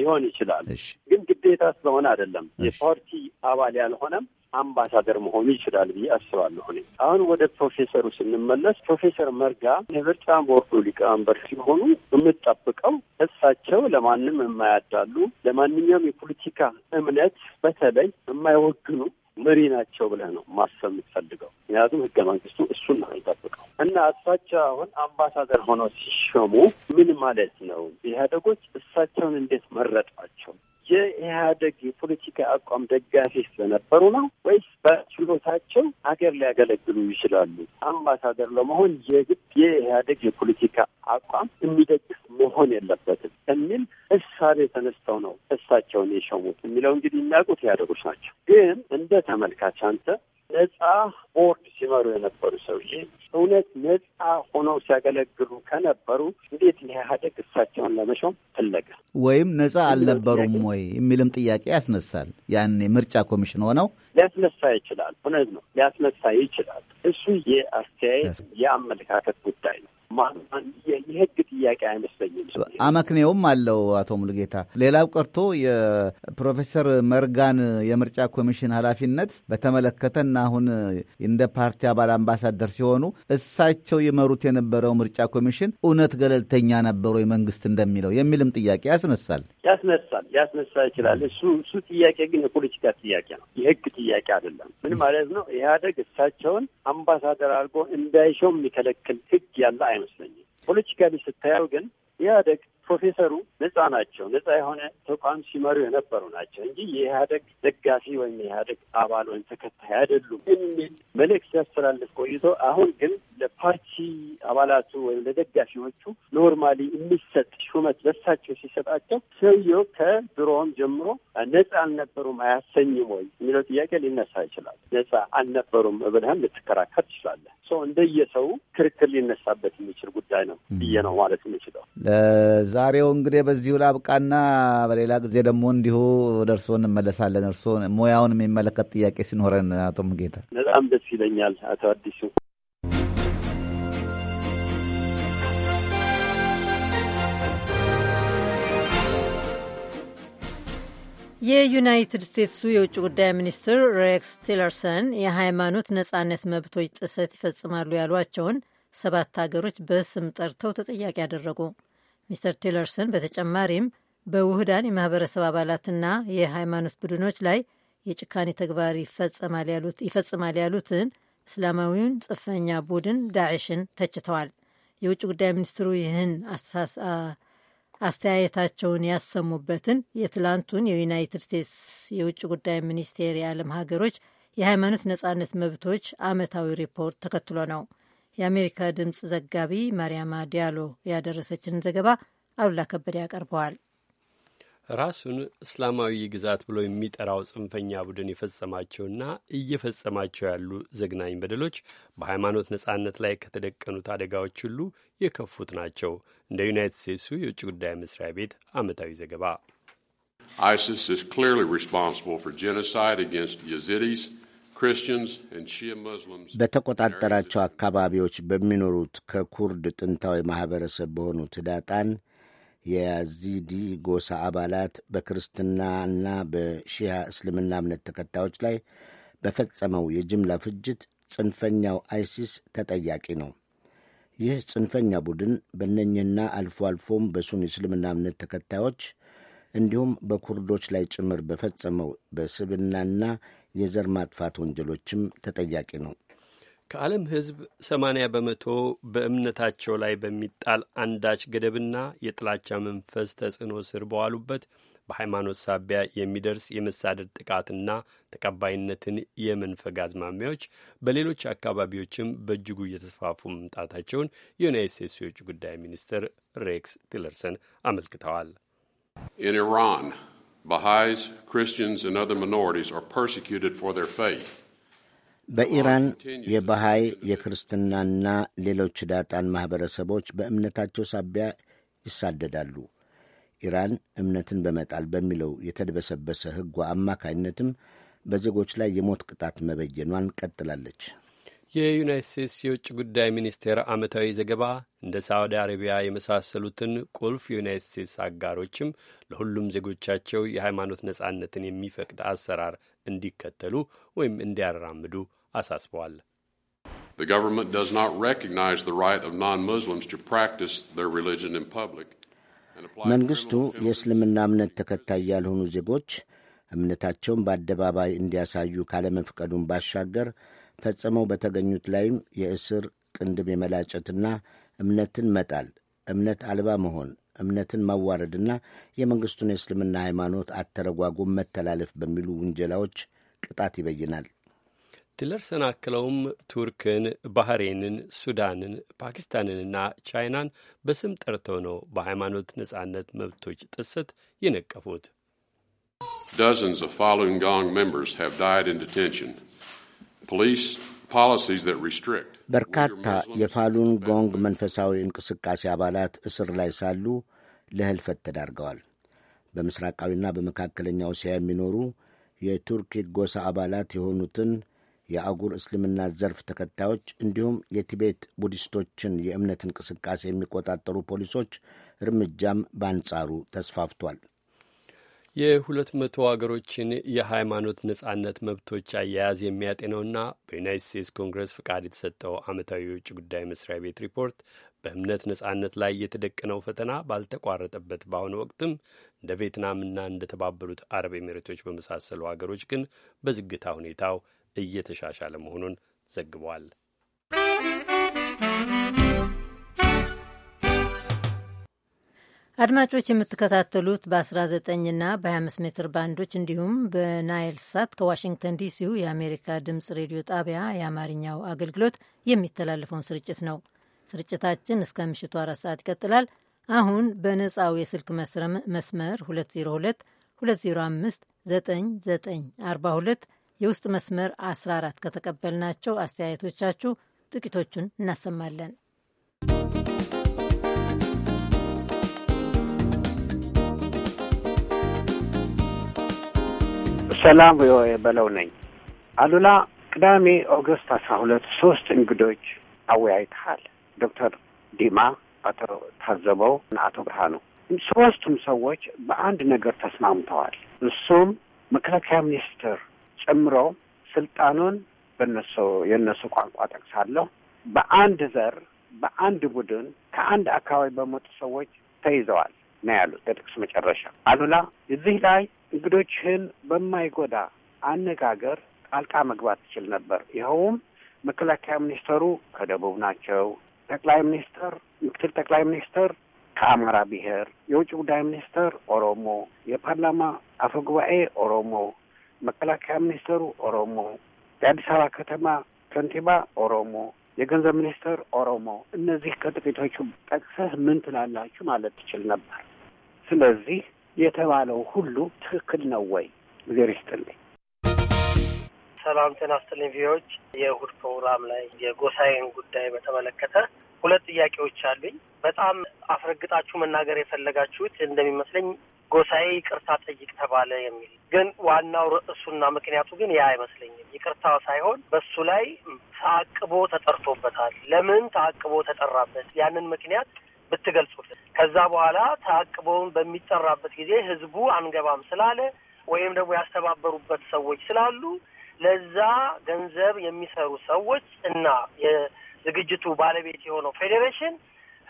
ሊሆን ይችላል፣ ግን ግዴታ ስለሆነ አይደለም። የፓርቲ አባል ያልሆነም አምባሳደር መሆኑ ይችላል ብዬ አስባለሁ። እኔ አሁን ወደ ፕሮፌሰሩ ስንመለስ ፕሮፌሰር መርጋ የምርጫ ቦርዱ ሊቀመንበር ሲሆኑ የምጠብቀው እሳቸው ለማንም የማያዳሉ ለማንኛውም የፖለቲካ እምነት በተለይ የማይወግኑ መሪ ናቸው ብለህ ነው ማሰብ የምትፈልገው። ምክንያቱም ህገ መንግስቱ እሱን ነው የሚጠብቀው እና እሳቸው አሁን አምባሳደር ሆነው ሲሾሙ ምን ማለት ነው? ኢህአዴጎች እሳቸውን እንዴት መረጧቸው? የኢህአደግ የፖለቲካ አቋም ደጋፊ ስለነበሩ ነው ወይስ በችሎታቸው ሀገር ሊያገለግሉ ይችላሉ? አምባሳደር ለመሆን የግድ የኢህአደግ የፖለቲካ አቋም የሚደግፍ መሆን የለበትም የሚል እሳቤ ተነስተው ነው እሳቸውን የሸሙት የሚለው እንግዲህ የሚያውቁት ኢህአደጎች ናቸው። ግን እንደ ተመልካች አንተ ነጻ ቦርድ ሲመሩ የነበሩ ሰውዬ እውነት ነጻ ሆነው ሲያገለግሉ ከነበሩ እንዴት ኢህአዴግ እሳቸውን ለመሾም ፈለገ? ወይም ነጻ አልነበሩም ወይ የሚልም ጥያቄ ያስነሳል። ያን ምርጫ ኮሚሽን ሆነው ሊያስነሳ ይችላል። እውነት ነው፣ ሊያስነሳ ይችላል። እሱ የአስተያየት የአመለካከት ጉዳይ ነው። የህግ ጥያቄ አይመስለኝም። አመክኔውም አለው አቶ ሙልጌታ። ሌላው ቀርቶ የፕሮፌሰር መርጋን የምርጫ ኮሚሽን ኃላፊነት በተመለከተና አሁን እንደ ፓርቲ አባል አምባሳደር ሲሆኑ እሳቸው የመሩት የነበረው ምርጫ ኮሚሽን እውነት ገለልተኛ ነበሩ መንግስት እንደሚለው የሚልም ጥያቄ ያስነሳል ያስነሳል ያስነሳ ይችላል። እሱ እሱ ጥያቄ ግን የፖለቲካ ጥያቄ ነው፣ የህግ ጥያቄ አይደለም። ምን ማለት ነው? ኢህአደግ እሳቸውን አምባሳደር አድርጎ እንዳይሾም የሚከለክል ህግ ያለ አይመስለኝም። ፖለቲካሊ ስታየው ግን ኢህአደግ ፕሮፌሰሩ ነጻ ናቸው። ነጻ የሆነ ተቋም ሲመሩ የነበሩ ናቸው እንጂ የኢህአደግ ደጋፊ ወይም የኢህአደግ አባል ወይም ተከታይ አይደሉም የሚል መልእክት ሲያስተላልፍ ቆይቶ አሁን ግን ለፓርቲ አባላቱ ወይም ለደጋፊዎቹ ኖርማሊ የሚሰጥ ሹመት ለሳቸው ሲሰጣቸው ሰውየው ከድሮም ጀምሮ ነጻ አልነበሩም አያሰኝም ወይ የሚለው ጥያቄ ሊነሳ ይችላል። ነጻ አልነበሩም ብለህም ልትከራከር ትችላለህ። እንደየሰው ክርክር ሊነሳበት የሚችል ጉዳይ ነው ብዬ ነው ማለት የምችለው። ለዛሬው እንግዲህ በዚሁ ላብቃና በሌላ ጊዜ ደግሞ እንዲሁ ወደ እርስዎ እንመለሳለን። እርስዎ ሙያውን የሚመለከት ጥያቄ ሲኖረን አቶ ምጌታ በጣም ደስ ይለኛል። አቶ አዲሱ የዩናይትድ ስቴትሱ የውጭ ጉዳይ ሚኒስትር ሬክስ ቲለርሰን የሃይማኖት ነጻነት መብቶች ጥሰት ይፈጽማሉ ያሏቸውን ሰባት ሀገሮች በስም ጠርተው ተጠያቂ አደረጉ። ሚስተር ቲለርሰን በተጨማሪም በውህዳን የማህበረሰብ አባላትና የሃይማኖት ቡድኖች ላይ የጭካኔ ተግባር ይፈጽማል ያሉትን እስላማዊውን ጽንፈኛ ቡድን ዳዕሽን ተችተዋል። የውጭ ጉዳይ ሚኒስትሩ ይህን አስተያየታቸውን ያሰሙበትን የትላንቱን የዩናይትድ ስቴትስ የውጭ ጉዳይ ሚኒስቴር የዓለም ሀገሮች የሃይማኖት ነጻነት መብቶች ዓመታዊ ሪፖርት ተከትሎ ነው። የአሜሪካ ድምፅ ዘጋቢ ማርያማ ዲያሎ ያደረሰችን ዘገባ አሉላ ከበደ ያቀርበዋል። ራሱን እስላማዊ ግዛት ብሎ የሚጠራው ጽንፈኛ ቡድን የፈጸማቸውና እየፈጸማቸው ያሉ ዘግናኝ በደሎች በሃይማኖት ነጻነት ላይ ከተደቀኑት አደጋዎች ሁሉ የከፉት ናቸው። እንደ ዩናይትድ ስቴትሱ የውጭ ጉዳይ መስሪያ ቤት ዓመታዊ ዘገባ አይሲስ በተቆጣጠራቸው አካባቢዎች በሚኖሩት ከኩርድ ጥንታዊ ማኅበረሰብ በሆኑት ህዳጣን የያዚዲ ጎሳ አባላት በክርስትናና በሺያ እስልምና እምነት ተከታዮች ላይ በፈጸመው የጅምላ ፍጅት ጽንፈኛው አይሲስ ተጠያቂ ነው። ይህ ጽንፈኛ ቡድን በእነኝህና አልፎ አልፎም በሱኒ እስልምና እምነት ተከታዮች እንዲሁም በኩርዶች ላይ ጭምር በፈጸመው በስብናና የዘር ማጥፋት ወንጀሎችም ተጠያቂ ነው። ከዓለም ሕዝብ 80 በመቶ በእምነታቸው ላይ በሚጣል አንዳች ገደብና የጥላቻ መንፈስ ተጽዕኖ ስር በዋሉበት በሃይማኖት ሳቢያ የሚደርስ የመሳደድ ጥቃትና ተቀባይነትን የመንፈግ አዝማሚያዎች በሌሎች አካባቢዎችም በእጅጉ እየተስፋፉ መምጣታቸውን የዩናይት ስቴትስ የውጭ ጉዳይ ሚኒስትር ሬክስ ቲለርሰን አመልክተዋል። ኢራን Baha'is, Christians, and other minorities are persecuted for their faith. በኢራን የባሃይ የክርስትናና ሌሎች ዳጣን ማኅበረሰቦች በእምነታቸው ሳቢያ ይሳደዳሉ። ኢራን እምነትን በመጣል በሚለው የተድበሰበሰ ሕጓ አማካይነትም በዜጎች ላይ የሞት ቅጣት መበየኗን ቀጥላለች። የዩናይት ስቴትስ የውጭ ጉዳይ ሚኒስቴር ዓመታዊ ዘገባ እንደ ሳዑዲ አረቢያ የመሳሰሉትን ቁልፍ የዩናይት ስቴትስ አጋሮችም ለሁሉም ዜጎቻቸው የሃይማኖት ነጻነትን የሚፈቅድ አሰራር እንዲከተሉ ወይም እንዲያራምዱ አሳስበዋል። The government does not recognize the right of non-Muslims to practice their religion in public. የእስልምና እምነት ተከታይ ያልሆኑ ዜጎች እምነታቸውን በአደባባይ እንዲያሳዩ ካለመፍቀዱን ባሻገር ፈጽመው በተገኙት ላይም የእስር ቅንድብ የመላጨትና እምነትን መጣል፣ እምነት አልባ መሆን፣ እምነትን ማዋረድና የመንግሥቱን የእስልምና ሃይማኖት አተረጓጎም መተላለፍ በሚሉ ውንጀላዎች ቅጣት ይበይናል። ቲለርሰን አክለውም ቱርክን፣ ባህሬንን፣ ሱዳንን፣ ፓኪስታንንና ቻይናን በስም ጠርተው ነው በሃይማኖት ነጻነት መብቶች ጥሰት የነቀፉት። Dozens of Falun Gong members have died in detention. በርካታ የፋሉን ጎንግ መንፈሳዊ እንቅስቃሴ አባላት እስር ላይ ሳሉ ለህልፈት ተዳርገዋል። በምስራቃዊና በመካከለኛው እስያ የሚኖሩ የቱርክ ጎሳ አባላት የሆኑትን የአጉር እስልምና ዘርፍ ተከታዮች እንዲሁም የቲቤት ቡዲስቶችን የእምነት እንቅስቃሴ የሚቆጣጠሩ ፖሊሶች እርምጃም በአንጻሩ ተስፋፍቷል። የሁለት መቶ አገሮችን የሃይማኖት ነጻነት መብቶች አያያዝ የሚያጤነውና በዩናይት ስቴትስ ኮንግረስ ፍቃድ የተሰጠው ዓመታዊ የውጭ ጉዳይ መስሪያ ቤት ሪፖርት በእምነት ነጻነት ላይ የተደቀነው ፈተና ባልተቋረጠበት በአሁኑ ወቅትም እንደ እንደ እንደተባበሩት አረብ ኤሚሬቶች በመሳሰሉ አገሮች ግን በዝግታ ሁኔታው እየተሻሻለ መሆኑን ዘግቧል። አድማጮች የምትከታተሉት በ 19 እና በ25 ሜትር ባንዶች እንዲሁም በናይል ሳት ከዋሽንግተን ዲሲው የአሜሪካ ድምፅ ሬዲዮ ጣቢያ የአማርኛው አገልግሎት የሚተላለፈውን ስርጭት ነው። ስርጭታችን እስከ ምሽቱ አራት ሰዓት ይቀጥላል። አሁን በነጻው የስልክ መስመር 202 205 9942 የውስጥ መስመር 14 ከተቀበልናቸው አስተያየቶቻችሁ ጥቂቶቹን እናሰማለን። ሰላም ቪኦኤ በለው ነኝ። አሉላ ቅዳሜ ኦገስት አስራ ሁለት ሶስት እንግዶች አወያይተሃል። ዶክተር ዲማ፣ አቶ ታዘበው እና አቶ ብርሃኑ። ሶስቱም ሰዎች በአንድ ነገር ተስማምተዋል። እሱም መከላከያ ሚኒስትር ጨምሮ ስልጣኑን በነሱ የእነሱ ቋንቋ ጠቅሳለሁ በአንድ ዘር በአንድ ቡድን ከአንድ አካባቢ በመጡ ሰዎች ተይዘዋል ነው ያሉት። በጥቅስ መጨረሻ አሉላ እዚህ ላይ እንግዶችህን በማይጎዳ አነጋገር ጣልቃ መግባት ትችል ነበር። ይኸውም መከላከያ ሚኒስተሩ ከደቡብ ናቸው። ጠቅላይ ሚኒስተር፣ ምክትል ጠቅላይ ሚኒስተር ከአማራ ብሔር፣ የውጭ ጉዳይ ሚኒስተር ኦሮሞ፣ የፓርላማ ጉባኤ ኦሮሞ፣ መከላከያ ሚኒስተሩ ኦሮሞ፣ የአዲስ አበባ ከተማ ከንቲባ ኦሮሞ፣ የገንዘብ ሚኒስተር ኦሮሞ። እነዚህ ከጥቂቶቹ ጠቅሰህ ምን ትላላችሁ ማለት ትችል ነበር። ስለዚህ የተባለው ሁሉ ትክክል ነው ወይ? እግዜር ይስጥልኝ። ሰላም ጤና ስጥልኝ። ቪዎች የእሁድ ፕሮግራም ላይ የጎሳዬን ጉዳይ በተመለከተ ሁለት ጥያቄዎች አሉኝ። በጣም አስረግጣችሁ መናገር የፈለጋችሁት እንደሚመስለኝ ጎሳዬ ይቅርታ ጠይቅ ተባለ የሚል ግን ዋናው ርዕሱና ምክንያቱ ግን ያ አይመስለኝም። ይቅርታ ሳይሆን በሱ ላይ ተአቅቦ ተጠርቶበታል። ለምን ተአቅቦ ተጠራበት? ያንን ምክንያት ብትገልጹልን። ከዛ በኋላ ተአቅቦውን በሚጠራበት ጊዜ ህዝቡ አንገባም ስላለ ወይም ደግሞ ያስተባበሩበት ሰዎች ስላሉ ለዛ ገንዘብ የሚሰሩ ሰዎች እና የዝግጅቱ ባለቤት የሆነው ፌዴሬሽን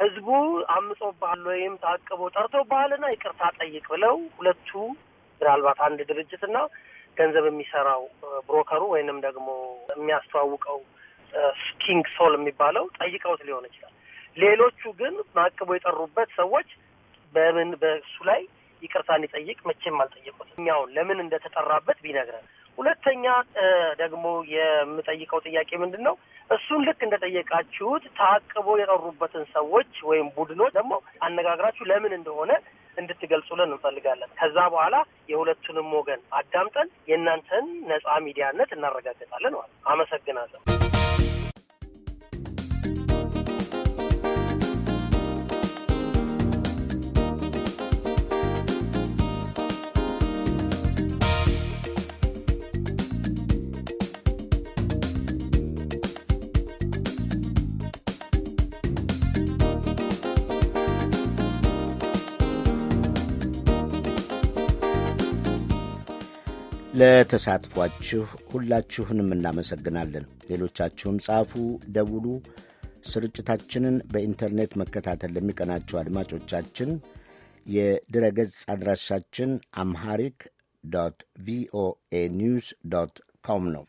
ህዝቡ አምጾብሃል ወይም ታቅቦ ጠርቶብሃልና ይቅርታ ጠይቅ ብለው ሁለቱ ምናልባት አንድ ድርጅትና ገንዘብ የሚሰራው ብሮከሩ ወይንም ደግሞ የሚያስተዋውቀው ኪንግ ሶል የሚባለው ጠይቀውት ሊሆን ይችላል። ሌሎቹ ግን ማቅቦ የጠሩበት ሰዎች በምን በእሱ ላይ ይቅርታ እንዲጠይቅ መቼም አልጠየቁት። እኛው ለምን እንደተጠራበት ቢነግረን። ሁለተኛ ደግሞ የምጠይቀው ጥያቄ ምንድን ነው? እሱን ልክ እንደጠየቃችሁት ታቅቦ የጠሩበትን ሰዎች ወይም ቡድኖች ደግሞ አነጋግራችሁ ለምን እንደሆነ እንድትገልጹልን እንፈልጋለን። ከዛ በኋላ የሁለቱንም ወገን አዳምጠን የእናንተን ነጻ ሚዲያነት እናረጋግጣለን ማለት። አመሰግናለሁ። ለተሳትፏችሁ ሁላችሁንም እናመሰግናለን። ሌሎቻችሁም ጻፉ፣ ደውሉ። ስርጭታችንን በኢንተርኔት መከታተል ለሚቀናቸው አድማጮቻችን የድረገጽ አድራሻችን አምሃሪክ ዶት ቪኦኤ ኒውስ ዶት ኮም ነው።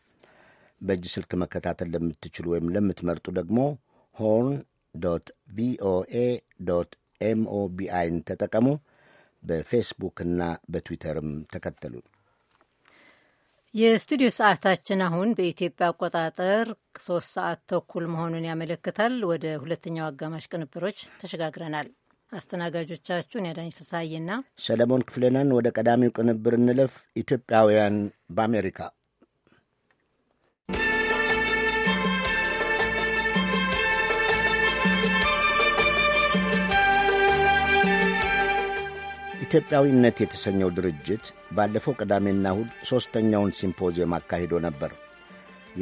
በእጅ ስልክ መከታተል ለምትችሉ ወይም ለምትመርጡ ደግሞ ሆርን ዶት ቪኦኤ ዶት ኤምኦቢአይን ተጠቀሙ። በፌስቡክ እና በትዊተርም ተከተሉን። የስቱዲዮ ሰዓታችን አሁን በኢትዮጵያ አቆጣጠር ሶስት ሰዓት ተኩል መሆኑን ያመለክታል። ወደ ሁለተኛው አጋማሽ ቅንብሮች ተሸጋግረናል። አስተናጋጆቻችሁን ያዳኝ ፍሳዬና ሰለሞን ክፍሌ ነን። ወደ ቀዳሚው ቅንብር እንለፍ። ኢትዮጵያውያን በአሜሪካ ኢትዮጵያዊነት የተሰኘው ድርጅት ባለፈው ቅዳሜና እሁድ ሦስተኛውን ሲምፖዚየም አካሂዶ ነበር።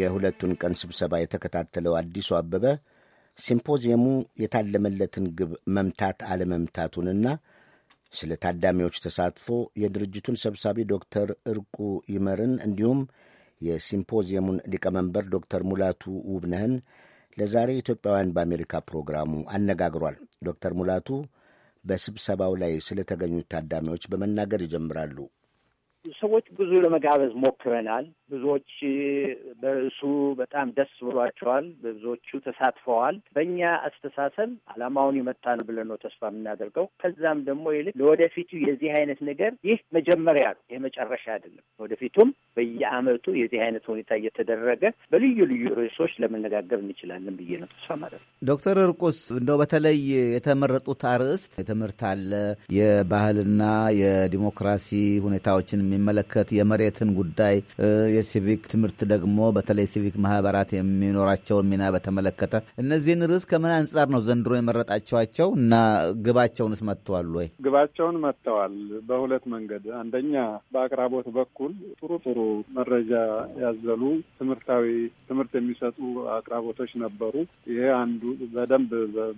የሁለቱን ቀን ስብሰባ የተከታተለው አዲሱ አበበ ሲምፖዚየሙ የታለመለትን ግብ መምታት አለመምታቱንና ስለ ታዳሚዎች ተሳትፎ የድርጅቱን ሰብሳቢ ዶክተር እርቁ ይመርን እንዲሁም የሲምፖዚየሙን ሊቀመንበር ዶክተር ሙላቱ ውብነህን ለዛሬ ኢትዮጵያውያን በአሜሪካ ፕሮግራሙ አነጋግሯል። ዶክተር ሙላቱ በስብሰባው ላይ ስለተገኙት ታዳሚዎች በመናገር ይጀምራሉ። ሰዎች ብዙ ለመጋበዝ ሞክረናል። ብዙዎች በርዕሱ በጣም ደስ ብሏቸዋል። ብዙዎቹ ተሳትፈዋል። በእኛ አስተሳሰብ አላማውን የመታ ነው ብለን ነው ተስፋ የምናደርገው። ከዛም ደግሞ ይልቅ ለወደፊቱ የዚህ አይነት ነገር ይህ መጀመሪያ ነው፣ ይህ መጨረሻ አይደለም። ወደፊቱም በየአመቱ የዚህ አይነት ሁኔታ እየተደረገ በልዩ ልዩ ርዕሶች ለመነጋገር እንችላለን ብዬ ነው ተስፋ ማለት ነው። ዶክተር እርቁስ እንደው በተለይ የተመረጡት አርዕስት የትምህርት አለ የባህልና የዲሞክራሲ ሁኔታዎችን የሚመለከት የመሬትን ጉዳይ፣ የሲቪክ ትምህርት ደግሞ በተለይ ሲቪክ ማህበራት የሚኖራቸውን ሚና በተመለከተ እነዚህን ርዕስ ከምን አንጻር ነው ዘንድሮ የመረጣቸዋቸው እና ግባቸውንስ መጥተዋል ወይ? ግባቸውን መጥተዋል በሁለት መንገድ። አንደኛ በአቅራቦት በኩል ጥሩ ጥሩ መረጃ ያዘሉ ትምህርታዊ ትምህርት የሚሰጡ አቅራቦቶች ነበሩ። ይሄ አንዱ በደንብ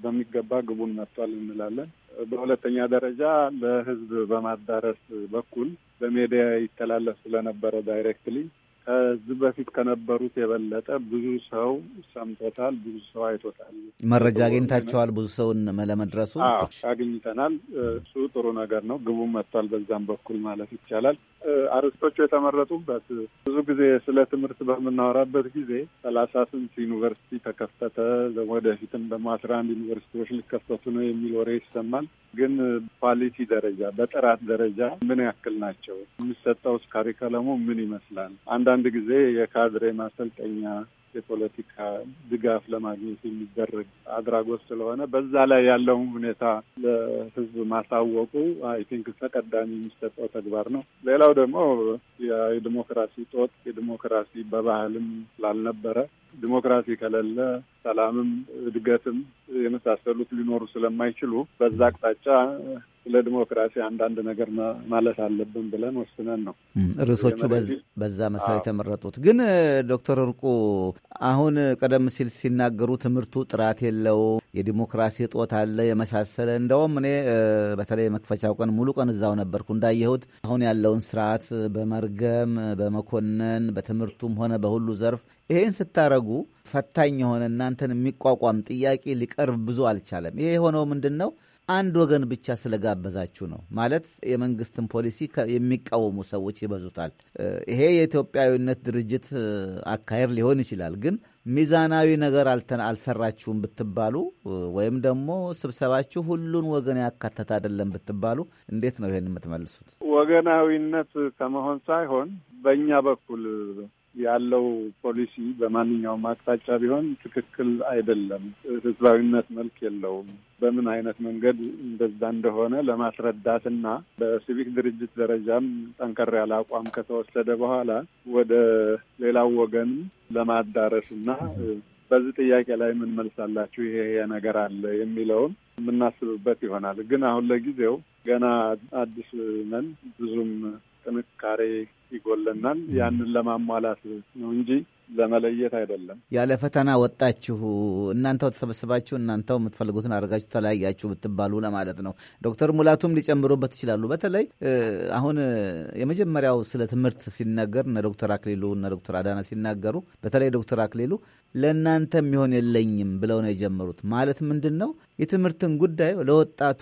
በሚገባ ግቡን መጥቷል እንላለን። በሁለተኛ ደረጃ ለህዝብ በማዳረስ በኩል በሜዲያ ይተላለፍ ስለነበረ ዳይሬክትሊ ከዚህ በፊት ከነበሩት የበለጠ ብዙ ሰው ሰምቶታል፣ ብዙ ሰው አይቶታል። መረጃ አግኝታቸዋል። ብዙ ሰውን ለመድረሱ አግኝተናል። እሱ ጥሩ ነገር ነው። ግቡ መጥቷል። በዛም በኩል ማለት ይቻላል አርዕስቶቹ የተመረጡበት ብዙ ጊዜ ስለ ትምህርት በምናወራበት ጊዜ ሰላሳ ስንት ዩኒቨርሲቲ ተከፈተ፣ ወደፊትም ደግሞ አስራ አንድ ዩኒቨርሲቲዎች ሊከፈቱ ነው የሚል ወሬ ይሰማል። ግን ኳሊቲ ደረጃ በጥራት ደረጃ ምን ያክል ናቸው? የሚሰጠው ካሪከለሙ ምን ይመስላል? አንዳ አንዳንድ ጊዜ የካድሬ ማሰልጠኛ የፖለቲካ ድጋፍ ለማግኘት የሚደረግ አድራጎት ስለሆነ በዛ ላይ ያለውን ሁኔታ ለሕዝብ ማሳወቁ አይ ቲንክ ተቀዳሚ የሚሰጠው ተግባር ነው። ሌላው ደግሞ የዲሞክራሲ ጦት የዲሞክራሲ በባህልም ስላልነበረ ዲሞክራሲ ከሌለ ሰላምም እድገትም የመሳሰሉት ሊኖሩ ስለማይችሉ በዛ አቅጣጫ ለዲሞክራሲ አንዳንድ ነገር ማለት አለብን ብለን ወስነን ነው ርዕሶቹ በዛ መሰረት የተመረጡት። ግን ዶክተር እርቁ አሁን ቀደም ሲል ሲናገሩ ትምህርቱ ጥራት የለውም፣ የዲሞክራሲ እጦት አለ የመሳሰለ እንደውም እኔ በተለይ መክፈቻው ቀን ሙሉ ቀን እዛው ነበርኩ እንዳየሁት አሁን ያለውን ስርዓት በመርገም በመኮነን በትምህርቱም ሆነ በሁሉ ዘርፍ ይሄን ስታረጉ ፈታኝ የሆነ እናንተን የሚቋቋም ጥያቄ ሊቀርብ ብዙ አልቻለም። ይሄ የሆነው ምንድን ነው? አንድ ወገን ብቻ ስለጋበዛችሁ ነው ማለት የመንግስትን ፖሊሲ የሚቃወሙ ሰዎች ይበዙታል። ይሄ የኢትዮጵያዊነት ድርጅት አካሄድ ሊሆን ይችላል። ግን ሚዛናዊ ነገር አልሰራችሁም ብትባሉ ወይም ደግሞ ስብሰባችሁ ሁሉን ወገን ያካተተ አይደለም ብትባሉ እንዴት ነው ይሄን የምትመልሱት? ወገናዊነት ከመሆን ሳይሆን በእኛ በኩል ያለው ፖሊሲ በማንኛውም አቅጣጫ ቢሆን ትክክል አይደለም። ህዝባዊነት መልክ የለውም። በምን አይነት መንገድ እንደዛ እንደሆነ ለማስረዳትና በሲቪክ ድርጅት ደረጃም ጠንከር ያለ አቋም ከተወሰደ በኋላ ወደ ሌላው ለማዳረስ ለማዳረስና በዚህ ጥያቄ ላይ ምን መልስ አላችሁ? ይሄ ነገር አለ የሚለውን የምናስብበት ይሆናል። ግን አሁን ለጊዜው ገና አዲስ ነን ብዙም ጥንካሬ ይጎለናል። ያንን ለማሟላት ነው እንጂ ለመለየት አይደለም። ያለ ፈተና ወጣችሁ፣ እናንተው ተሰበሰባችሁ፣ እናንተው የምትፈልጉትን አድርጋችሁ ተለያያችሁ ብትባሉ ለማለት ነው። ዶክተር ሙላቱም ሊጨምሩበት ይችላሉ። በተለይ አሁን የመጀመሪያው ስለ ትምህርት ሲነገር እነ ዶክተር አክሊሉ እነ ዶክተር አዳና ሲናገሩ፣ በተለይ ዶክተር አክሊሉ ለእናንተ የሚሆን የለኝም ብለው ነው የጀመሩት። ማለት ምንድን ነው የትምህርትን ጉዳይ ለወጣቱ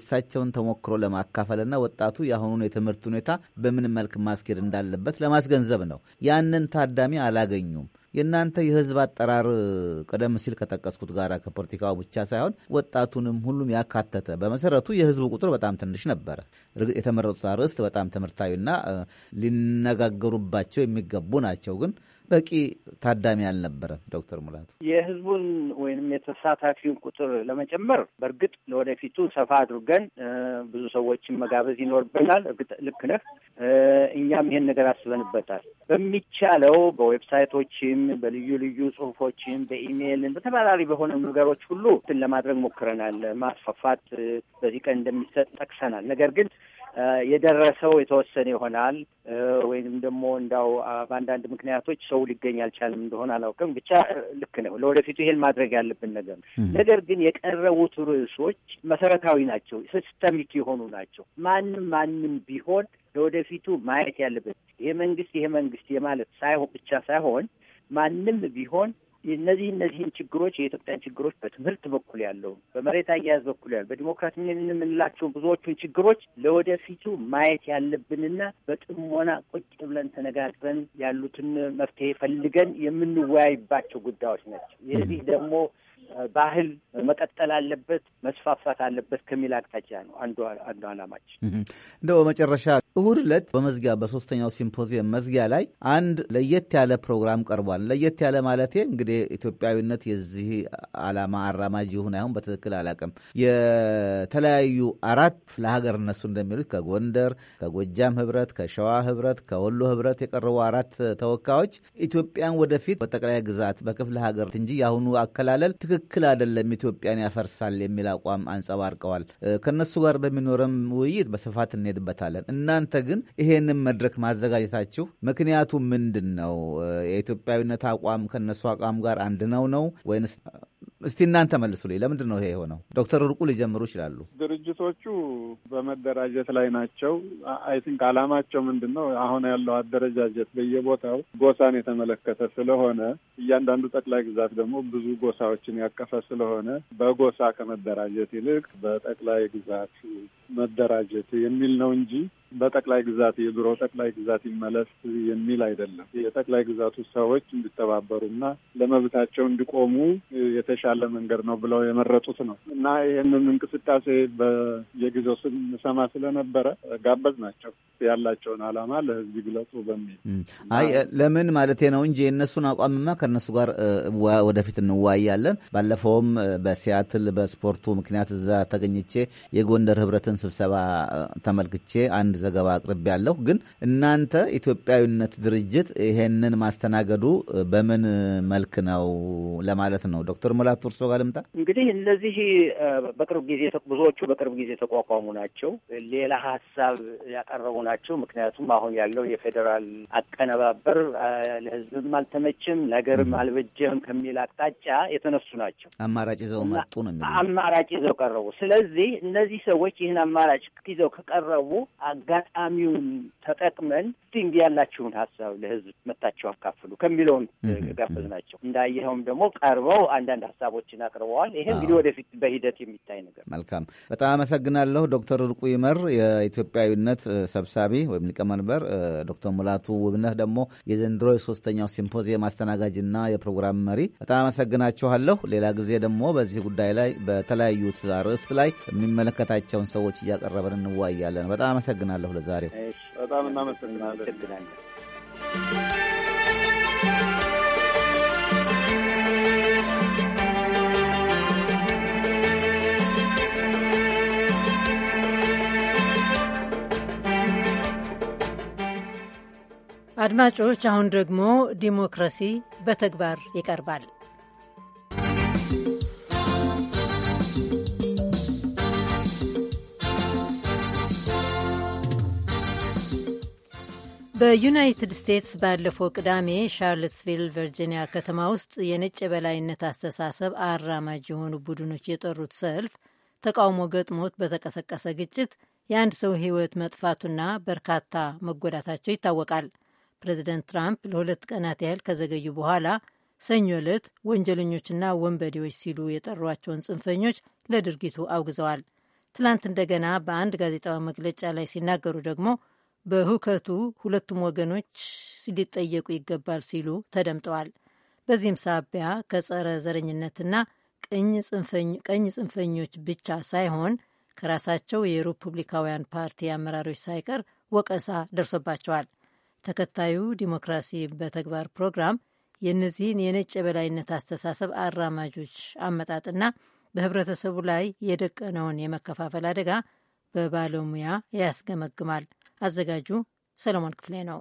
እሳቸውን ተሞክሮ ለማካፈልና ወጣቱ የአሁኑን የትምህርት ሁኔታ በምን መልክ ማስኬድ እንዳለበት ለማስገንዘብ ነው። ያንን ታዳሚ አላገኙ አይገኙም። የእናንተ የህዝብ አጠራር ቀደም ሲል ከጠቀስኩት ጋር ከፖለቲካው ብቻ ሳይሆን ወጣቱንም ሁሉም ያካተተ በመሰረቱ የህዝቡ ቁጥር በጣም ትንሽ ነበረ። እርግጥ የተመረጡት አርዕስት በጣም ትምህርታዊና ሊነጋገሩባቸው የሚገቡ ናቸው ግን በቂ ታዳሚ አልነበረም። ዶክተር ሙላቱ የህዝቡን ወይም የተሳታፊውን ቁጥር ለመጨመር በእርግጥ ለወደፊቱ ሰፋ አድርገን ብዙ ሰዎችን መጋበዝ ይኖርብናል። እርግጥ ልክ ነህ። እኛም ይሄን ነገር አስበንበታል። በሚቻለው በዌብሳይቶችም፣ በልዩ ልዩ ጽሁፎችም፣ በኢሜይልን በተባራሪ በሆነ ነገሮች ሁሉ እንትን ለማድረግ ሞክረናል። ማስፋፋት በዚህ ቀን እንደሚሰጥ ጠቅሰናል። ነገር ግን የደረሰው የተወሰነ ይሆናል ወይም ደግሞ እንዳው በአንዳንድ ምክንያቶች ሰው ሊገኝ አልቻልም እንደሆነ አላውቅም። ብቻ ልክ ነው። ለወደፊቱ ይሄን ማድረግ ያለብን ነገር ነው። ነገር ግን የቀረቡት ርዕሶች መሰረታዊ ናቸው፣ ሲስተሚክ የሆኑ ናቸው። ማንም ማንም ቢሆን ለወደፊቱ ማየት ያለበት ይሄ መንግስት ይሄ መንግስት የማለት ሳይሆን ብቻ ሳይሆን ማንም ቢሆን እነዚህ እነዚህን ችግሮች የኢትዮጵያን ችግሮች በትምህርት በኩል ያለው በመሬት አያያዝ በኩል ያለው በዲሞክራሲ የምንላቸውን ብዙዎቹን ችግሮች ለወደፊቱ ማየት ያለብንና በጥሞና ቁጭ ብለን ተነጋግረን ያሉትን መፍትሄ ፈልገን የምንወያይባቸው ጉዳዮች ናቸው። የዚህ ደግሞ ባህል መቀጠል አለበት፣ መስፋፋት አለበት ከሚል አቅጣጫ ነው አንዱ አንዱ አላማችን። እንደው በመጨረሻ እሁድ ዕለት በመዝጊያ በሶስተኛው ሲምፖዚየም መዝጊያ ላይ አንድ ለየት ያለ ፕሮግራም ቀርቧል። ለየት ያለ ማለት እንግዲህ ኢትዮጵያዊነት የዚህ አላማ አራማጅ ይሁን አይሁን በትክክል አላውቅም። የተለያዩ አራት ለሀገር እነሱ እንደሚሉት ከጎንደር፣ ከጎጃም ህብረት፣ ከሸዋ ህብረት፣ ከወሎ ህብረት የቀረቡ አራት ተወካዮች ኢትዮጵያን ወደፊት በጠቅላይ ግዛት በክፍለ ሀገር እንጂ የአሁኑ አከላለል ትክክል ትክክል አይደለም፣ ኢትዮጵያን ያፈርሳል የሚል አቋም አንጸባርቀዋል። ከነሱ ጋር በሚኖረም ውይይት በስፋት እንሄድበታለን። እናንተ ግን ይሄንን መድረክ ማዘጋጀታችሁ ምክንያቱ ምንድን ነው? የኢትዮጵያዊነት አቋም ከነሱ አቋም ጋር አንድ ነው ነው ወይንስ እስቲ እናንተ ላይ ለምንድን ነው ይሄ የሆነው? ዶክተር እርቁ ሊጀምሩ ይችላሉ። ድርጅቶቹ በመደራጀት ላይ ናቸው። አይ ቲንክ አላማቸው ምንድን ነው? አሁን ያለው አደረጃጀት በየቦታው ጎሳን የተመለከተ ስለሆነ እያንዳንዱ ጠቅላይ ግዛት ደግሞ ብዙ ጎሳዎችን ያቀፈ ስለሆነ በጎሳ ከመደራጀት ይልቅ በጠቅላይ ግዛት መደራጀት የሚል ነው እንጂ በጠቅላይ ግዛት የድሮ ጠቅላይ ግዛት ይመለስ የሚል አይደለም። የጠቅላይ ግዛቱ ሰዎች እንዲተባበሩና ለመብታቸው እንዲቆሙ የተሻለ መንገድ ነው ብለው የመረጡት ነው እና ይህንን እንቅስቃሴ በየጊዜው ስንሰማ ስለነበረ ጋበዝ ናቸው ያላቸውን አላማ ለህዝብ ይግለጡ በሚል አይ ለምን ማለቴ ነው እንጂ የእነሱን አቋምማ ከእነሱ ጋር ወደፊት እንወያያለን። ባለፈውም በሲያትል በስፖርቱ ምክንያት እዛ ተገኝቼ የጎንደር ህብረትን ስብሰባ ተመልክቼ አንድ ዘገባ አቅርቤ ያለሁ። ግን እናንተ ኢትዮጵያዊነት ድርጅት ይሄንን ማስተናገዱ በምን መልክ ነው ለማለት ነው። ዶክተር ሙላቱ እርሶ ጋር ልምጣ። እንግዲህ እነዚህ በቅርብ ጊዜ ብዙዎቹ በቅርብ ጊዜ የተቋቋሙ ናቸው። ሌላ ሀሳብ ያቀረቡ ናቸው። ምክንያቱም አሁን ያለው የፌዴራል አቀነባበር ለህዝብም አልተመችም፣ ነገርም አልበጀም ከሚል አቅጣጫ የተነሱ ናቸው። አማራጭ ይዘው መጡ ነው የሚለው አማራጭ ይዘው ቀረቡ። ስለዚህ እነዚህ ሰዎች ይህን አማራጭ ይዘው ከቀረቡ አጋጣሚውን ተጠቅመን እንዲህ ያላችሁን ሀሳብ ለህዝብ መታቸው አካፍሉ ከሚለውን ጋበዝ ናቸው። እንዳየኸውም ደግሞ ቀርበው አንዳንድ ሀሳቦችን አቅርበዋል። ይሄ እንግዲህ ወደፊት በሂደት የሚታይ ነገር። መልካም፣ በጣም አመሰግናለሁ ዶክተር እርቁ ይመር የኢትዮጵያዊነት ሰብሳቢ ወይም ሊቀመንበር፣ ዶክተር ሙላቱ ውብነህ ደግሞ የዘንድሮ የሶስተኛው ሲምፖዚየም አስተናጋጅና የፕሮግራም መሪ። በጣም አመሰግናችኋለሁ። ሌላ ጊዜ ደግሞ በዚህ ጉዳይ ላይ በተለያዩ አርዕስት ላይ የሚመለከታቸውን ሰዎች እያቀረበን እንዋያለን በጣም አመሰግናለሁ። አመሰግናለሁ። ለዛሬው በጣም እናመሰግናለን። አድማጮች አሁን ደግሞ ዲሞክራሲ በተግባር ይቀርባል። በዩናይትድ ስቴትስ ባለፈው ቅዳሜ ሻርሎትስቪል ቨርጂኒያ ከተማ ውስጥ የነጭ የበላይነት አስተሳሰብ አራማጅ የሆኑ ቡድኖች የጠሩት ሰልፍ ተቃውሞ ገጥሞት በተቀሰቀሰ ግጭት የአንድ ሰው ሕይወት መጥፋቱና በርካታ መጎዳታቸው ይታወቃል። ፕሬዚደንት ትራምፕ ለሁለት ቀናት ያህል ከዘገዩ በኋላ ሰኞ ዕለት ወንጀለኞችና ወንበዴዎች ሲሉ የጠሯቸውን ጽንፈኞች ለድርጊቱ አውግዘዋል። ትላንት እንደገና በአንድ ጋዜጣዊ መግለጫ ላይ ሲናገሩ ደግሞ በሁከቱ ሁለቱም ወገኖች ሊጠየቁ ይገባል ሲሉ ተደምጠዋል። በዚህም ሳቢያ ከጸረ ዘረኝነትና ቀኝ ጽንፈኞች ብቻ ሳይሆን ከራሳቸው የሪፑብሊካውያን ፓርቲ አመራሮች ሳይቀር ወቀሳ ደርሶባቸዋል። ተከታዩ ዲሞክራሲ በተግባር ፕሮግራም የእነዚህን የነጭ የበላይነት አስተሳሰብ አራማጆች አመጣጥና በህብረተሰቡ ላይ የደቀነውን የመከፋፈል አደጋ በባለሙያ ያስገመግማል። አዘጋጁ ሰለሞን ክፍሌ ነው።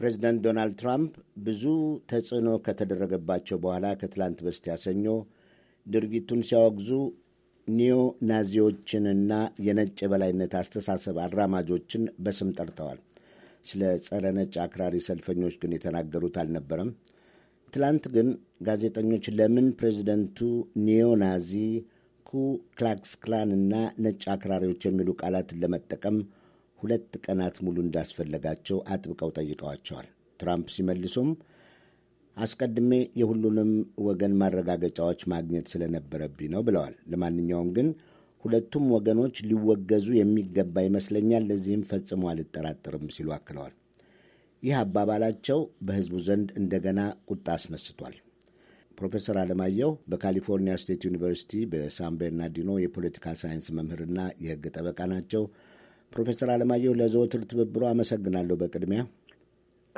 ፕሬዚደንት ዶናልድ ትራምፕ ብዙ ተጽዕኖ ከተደረገባቸው በኋላ ከትላንት በስቲያ ሰኞ ድርጊቱን ሲያወግዙ ኒዮ ናዚዎችንና የነጭ የበላይነት አስተሳሰብ አራማጆችን በስም ጠርተዋል። ስለ ጸረ ነጭ አክራሪ ሰልፈኞች ግን የተናገሩት አልነበረም። ትላንት ግን ጋዜጠኞች ለምን ፕሬዚደንቱ ኒዮ ናዚ፣ ኩ ክላክስ ክላን እና ነጭ አክራሪዎች የሚሉ ቃላትን ለመጠቀም ሁለት ቀናት ሙሉ እንዳስፈለጋቸው አጥብቀው ጠይቀዋቸዋል። ትራምፕ ሲመልሱም አስቀድሜ የሁሉንም ወገን ማረጋገጫዎች ማግኘት ስለነበረብኝ ነው ብለዋል። ለማንኛውም ግን ሁለቱም ወገኖች ሊወገዙ የሚገባ ይመስለኛል፣ ለዚህም ፈጽሞ አልጠራጠርም ሲሉ አክለዋል። ይህ አባባላቸው በሕዝቡ ዘንድ እንደገና ቁጣ አስነስቷል። ፕሮፌሰር አለማየሁ በካሊፎርኒያ ስቴት ዩኒቨርሲቲ በሳን በርናርዲኖ የፖለቲካ ሳይንስ መምህርና የሕግ ጠበቃ ናቸው። ፕሮፌሰር አለማየሁ ለዘወትር ትብብሮ አመሰግናለሁ። በቅድሚያ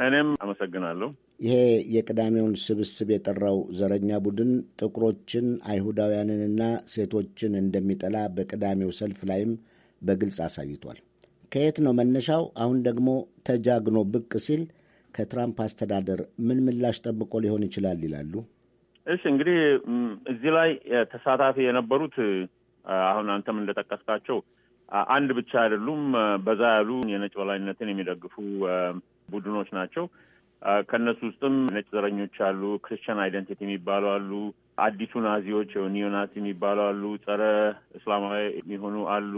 እኔም አመሰግናለሁ። ይሄ የቅዳሜውን ስብስብ የጠራው ዘረኛ ቡድን ጥቁሮችን፣ አይሁዳውያንንና ሴቶችን እንደሚጠላ በቅዳሜው ሰልፍ ላይም በግልጽ አሳይቷል። ከየት ነው መነሻው? አሁን ደግሞ ተጃግኖ ብቅ ሲል ከትራምፕ አስተዳደር ምን ምላሽ ጠብቆ ሊሆን ይችላል ይላሉ? እሺ እንግዲህ እዚህ ላይ ተሳታፊ የነበሩት አሁን አንተም እንደጠቀስካቸው አንድ ብቻ አይደሉም። በዛ ያሉ የነጭ በላይነትን የሚደግፉ ቡድኖች ናቸው። ከእነሱ ውስጥም ነጭ ዘረኞች አሉ፣ ክርስቲያን አይደንቲቲ የሚባሉ አሉ፣ አዲሱ ናዚዎች ኒዮናዚ የሚባሉ አሉ፣ ጸረ እስላማዊ የሚሆኑ አሉ።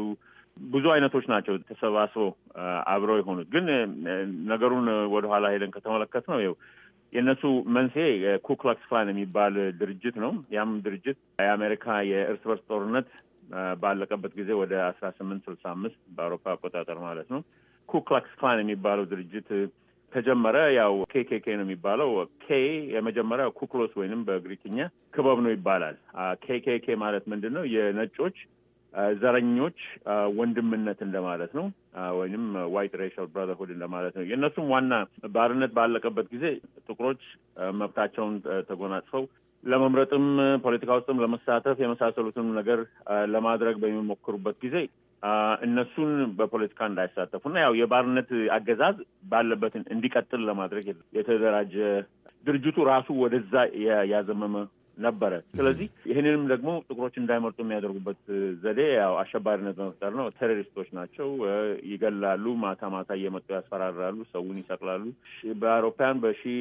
ብዙ አይነቶች ናቸው ተሰባስበው አብረው የሆኑት። ግን ነገሩን ወደኋላ ሄደን ከተመለከት ነው ይኸው የእነሱ መንስኤ ኩክላክስ ክላን የሚባል ድርጅት ነው። ያም ድርጅት የአሜሪካ የእርስ በርስ ጦርነት ባለቀበት ጊዜ ወደ አስራ ስምንት ስልሳ አምስት በአውሮፓ አቆጣጠር ማለት ነው ኩክላክስ ክላን የሚባለው ድርጅት ተጀመረ። ያው ኬኬኬ ነው የሚባለው። ኬ የመጀመሪያው ኩክሎስ ወይንም በግሪክኛ ክበብ ነው ይባላል። ኬኬኬ ማለት ምንድን ነው? የነጮች ዘረኞች ወንድምነት እንደማለት ነው፣ ወይንም ዋይት ሬሻል ብራዘርሁድ እንደማለት ነው። የእነሱም ዋና ባርነት ባለቀበት ጊዜ ጥቁሮች መብታቸውን ተጎናጽፈው ለመምረጥም ፖለቲካ ውስጥም ለመሳተፍ የመሳሰሉትን ነገር ለማድረግ በሚሞክሩበት ጊዜ እነሱን በፖለቲካ እንዳይሳተፉ እና ያው የባርነት አገዛዝ ባለበት እንዲቀጥል ለማድረግ የተደራጀ ድርጅቱ ራሱ ወደዛ ያዘመመ ነበረ። ስለዚህ ይህንንም ደግሞ ጥቁሮች እንዳይመርጡ የሚያደርጉበት ዘዴ ያው አሸባሪነት በመፍጠር ነው። ቴሮሪስቶች ናቸው፣ ይገላሉ፣ ማታ ማታ እየመጡ ያስፈራራሉ፣ ሰውን ይሰቅላሉ። በአውሮፓያን በሺህ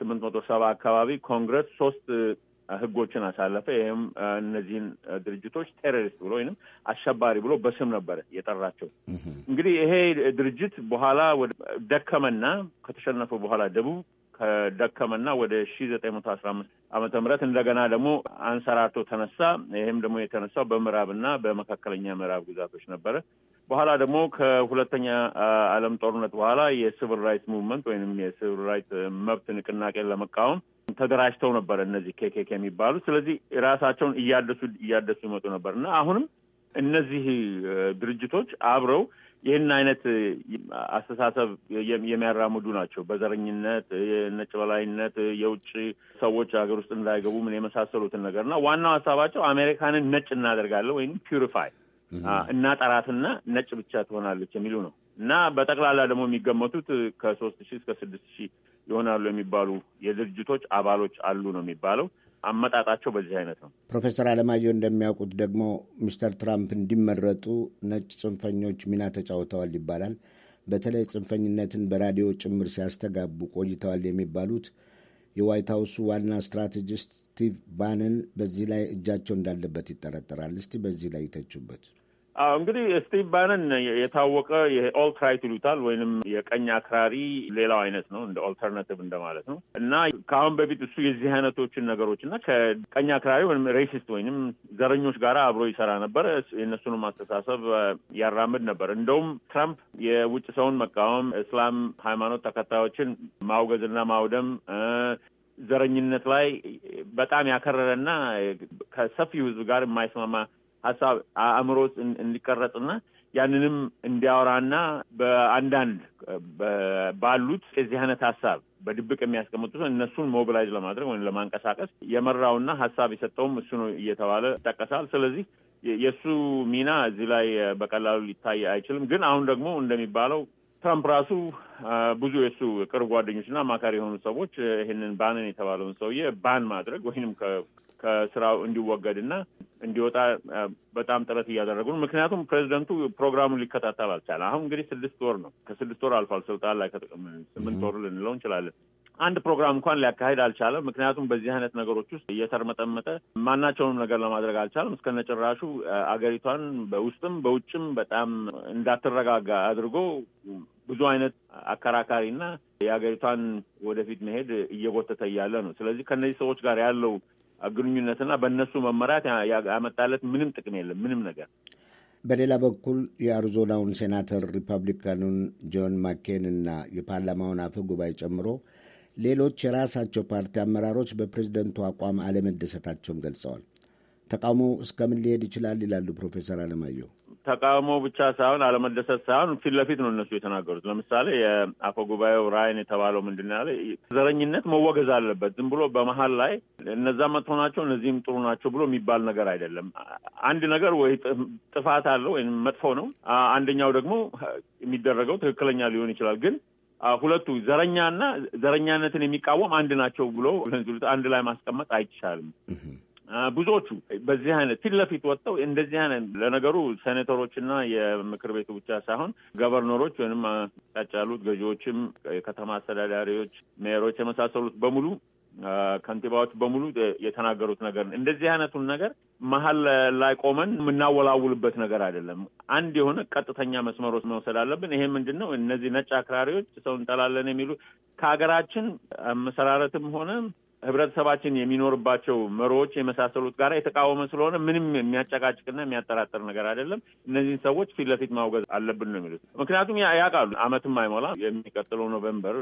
ስምንት መቶ ሰባ አካባቢ ኮንግረስ ሶስት ህጎችን አሳለፈ። ይህም እነዚህን ድርጅቶች ቴሮሪስት ብሎ ወይም አሸባሪ ብሎ በስም ነበረ የጠራቸው። እንግዲህ ይሄ ድርጅት በኋላ ደከመና ከተሸነፈ በኋላ ደቡብ ከደከመና ወደ ሺ ዘጠኝ መቶ አስራ አምስት ዓመተ ምህረት እንደገና ደግሞ አንሰራርቶ ተነሳ። ይህም ደግሞ የተነሳው በምዕራብና በመካከለኛ ምዕራብ ግዛቶች ነበረ። በኋላ ደግሞ ከሁለተኛ ዓለም ጦርነት በኋላ የሲቪል ራይት ሙቭመንት ወይም የሲቪል ራይት መብት ንቅናቄ ለመቃወም ተደራጅተው ነበር እነዚህ ኬኬክ የሚባሉ። ስለዚህ ራሳቸውን እያደሱ እያደሱ ይመጡ ነበር እና አሁንም እነዚህ ድርጅቶች አብረው ይህን አይነት አስተሳሰብ የሚያራምዱ ናቸው። በዘረኝነት፣ የነጭ በላይነት፣ የውጭ ሰዎች ሀገር ውስጥ እንዳይገቡ ምን የመሳሰሉትን ነገር እና ዋናው ሀሳባቸው አሜሪካንን ነጭ እናደርጋለን ወይም ፒሪፋይ እናጠራትና ነጭ ብቻ ትሆናለች የሚሉ ነው እና በጠቅላላ ደግሞ የሚገመቱት ከሶስት ሺህ እስከ ስድስት ሺህ ይሆናሉ የሚባሉ የድርጅቶች አባሎች አሉ ነው የሚባለው። አመጣጣቸው በዚህ አይነት ነው። ፕሮፌሰር አለማየሁ እንደሚያውቁት ደግሞ ሚስተር ትራምፕ እንዲመረጡ ነጭ ጽንፈኞች ሚና ተጫውተዋል ይባላል። በተለይ ጽንፈኝነትን በራዲዮ ጭምር ሲያስተጋቡ ቆይተዋል የሚባሉት የዋይት ሀውሱ ዋና ስትራቴጂስት ስቲቭ ባነን በዚህ ላይ እጃቸው እንዳለበት ይጠረጠራል። እስቲ በዚህ ላይ ይተቹበት። አዎ እንግዲህ ስቲቭ ባነን የታወቀ የኦልትራይት ይሉታል ወይንም የቀኝ አክራሪ ሌላው አይነት ነው እንደ ኦልተርናቲቭ እንደማለት ነው። እና ከአሁን በፊት እሱ የዚህ አይነቶችን ነገሮች እና ከቀኝ አክራሪ ወይም ሬሲስት ወይንም ዘረኞች ጋር አብሮ ይሰራ ነበር። የእነሱንም አስተሳሰብ ያራምድ ነበር። እንደውም ትራምፕ የውጭ ሰውን መቃወም፣ እስላም ሃይማኖት ተከታዮችን ማውገዝና ማውደም ዘረኝነት ላይ በጣም ያከረረ እና ከሰፊው ህዝብ ጋር የማይስማማ ሀሳብ አእምሮ ውስጥ እንዲቀረጽና ያንንም እንዲያወራና በአንዳንድ ባሉት የዚህ አይነት ሀሳብ በድብቅ የሚያስቀምጡ የሚያስቀምጡት እነሱን ሞቢላይዝ ለማድረግ ወይም ለማንቀሳቀስ የመራውና ሀሳብ የሰጠውም እሱ ነው እየተባለ ይጠቀሳል። ስለዚህ የእሱ ሚና እዚህ ላይ በቀላሉ ሊታይ አይችልም። ግን አሁን ደግሞ እንደሚባለው ትራምፕ ራሱ ብዙ የእሱ ቅርብ ጓደኞችና አማካሪ የሆኑ ሰዎች ይህንን ባንን የተባለውን ሰውዬ ባን ማድረግ ወይም ከስራው እንዲወገድና እንዲወጣ በጣም ጥረት እያደረጉ ነው። ምክንያቱም ፕሬዚደንቱ ፕሮግራሙን ሊከታተል አልቻለ። አሁን እንግዲህ ስድስት ወር ነው ከስድስት ወር አልፏል ስልጣን ላይ ከጥቅም ስምንት ወር ልንለው እንችላለን። አንድ ፕሮግራም እንኳን ሊያካሂድ አልቻለም። ምክንያቱም በዚህ አይነት ነገሮች ውስጥ እየተርመጠመጠ ማናቸውንም ነገር ለማድረግ አልቻለም። እስከነጭራሹ አገሪቷን በውስጥም በውጭም በጣም እንዳትረጋጋ አድርጎ ብዙ አይነት አከራካሪና የሀገሪቷን ወደፊት መሄድ እየጎተተ እያለ ነው። ስለዚህ ከእነዚህ ሰዎች ጋር ያለው ግንኙነትና በእነሱ መመራት ያመጣለት ምንም ጥቅም የለም፣ ምንም ነገር። በሌላ በኩል የአሪዞናውን ሴናተር ሪፐብሊካኑን ጆን ማኬን እና የፓርላማውን አፈ ጉባኤ ጨምሮ ሌሎች የራሳቸው ፓርቲ አመራሮች በፕሬዝደንቱ አቋም አለመደሰታቸውን ገልጸዋል። ተቃውሞ እስከምን ሊሄድ ይችላል ይላሉ ፕሮፌሰር አለማየሁ። ተቃውሞ ብቻ ሳይሆን አለመደሰት ሳይሆን ፊት ለፊት ነው እነሱ የተናገሩት። ለምሳሌ የአፈ ጉባኤው ራይን የተባለው ምንድን ያለ ዘረኝነት መወገዝ አለበት። ዝም ብሎ በመሀል ላይ እነዛ መጥፎ ናቸው እነዚህም ጥሩ ናቸው ብሎ የሚባል ነገር አይደለም። አንድ ነገር ወይ ጥፋት አለው ወይም መጥፎ ነው፣ አንደኛው ደግሞ የሚደረገው ትክክለኛ ሊሆን ይችላል ግን ሁለቱ ዘረኛና ዘረኛነትን የሚቃወም አንድ ናቸው ብሎ አንድ ላይ ማስቀመጥ አይቻልም። ብዙዎቹ በዚህ አይነት ፊት ለፊት ወጥተው እንደዚህ አይነት ለነገሩ ሴኔተሮችና የምክር ቤቱ ብቻ ሳይሆን ገቨርነሮች ወይም ታች ያሉት ገዢዎችም፣ የከተማ አስተዳዳሪዎች፣ ሜየሮች የመሳሰሉት በሙሉ ከንቲባዎች በሙሉ የተናገሩት ነገር ነው። እንደዚህ አይነቱን ነገር መሀል ላይ ቆመን የምናወላውልበት ነገር አይደለም። አንድ የሆነ ቀጥተኛ መስመር መውሰድ አለብን። ይሄ ምንድን ነው? እነዚህ ነጭ አክራሪዎች ሰው እንጠላለን የሚሉ ከሀገራችን መሰራረትም ሆነ ህብረተሰባችን የሚኖርባቸው መሮዎች የመሳሰሉት ጋር የተቃወመ ስለሆነ ምንም የሚያጨቃጭቅና የሚያጠራጥር ነገር አይደለም። እነዚህን ሰዎች ፊት ለፊት ማውገዝ አለብን ነው የሚሉት። ምክንያቱም ያውቃሉ አመትም አይሞላ የሚቀጥለው ኖቬምበር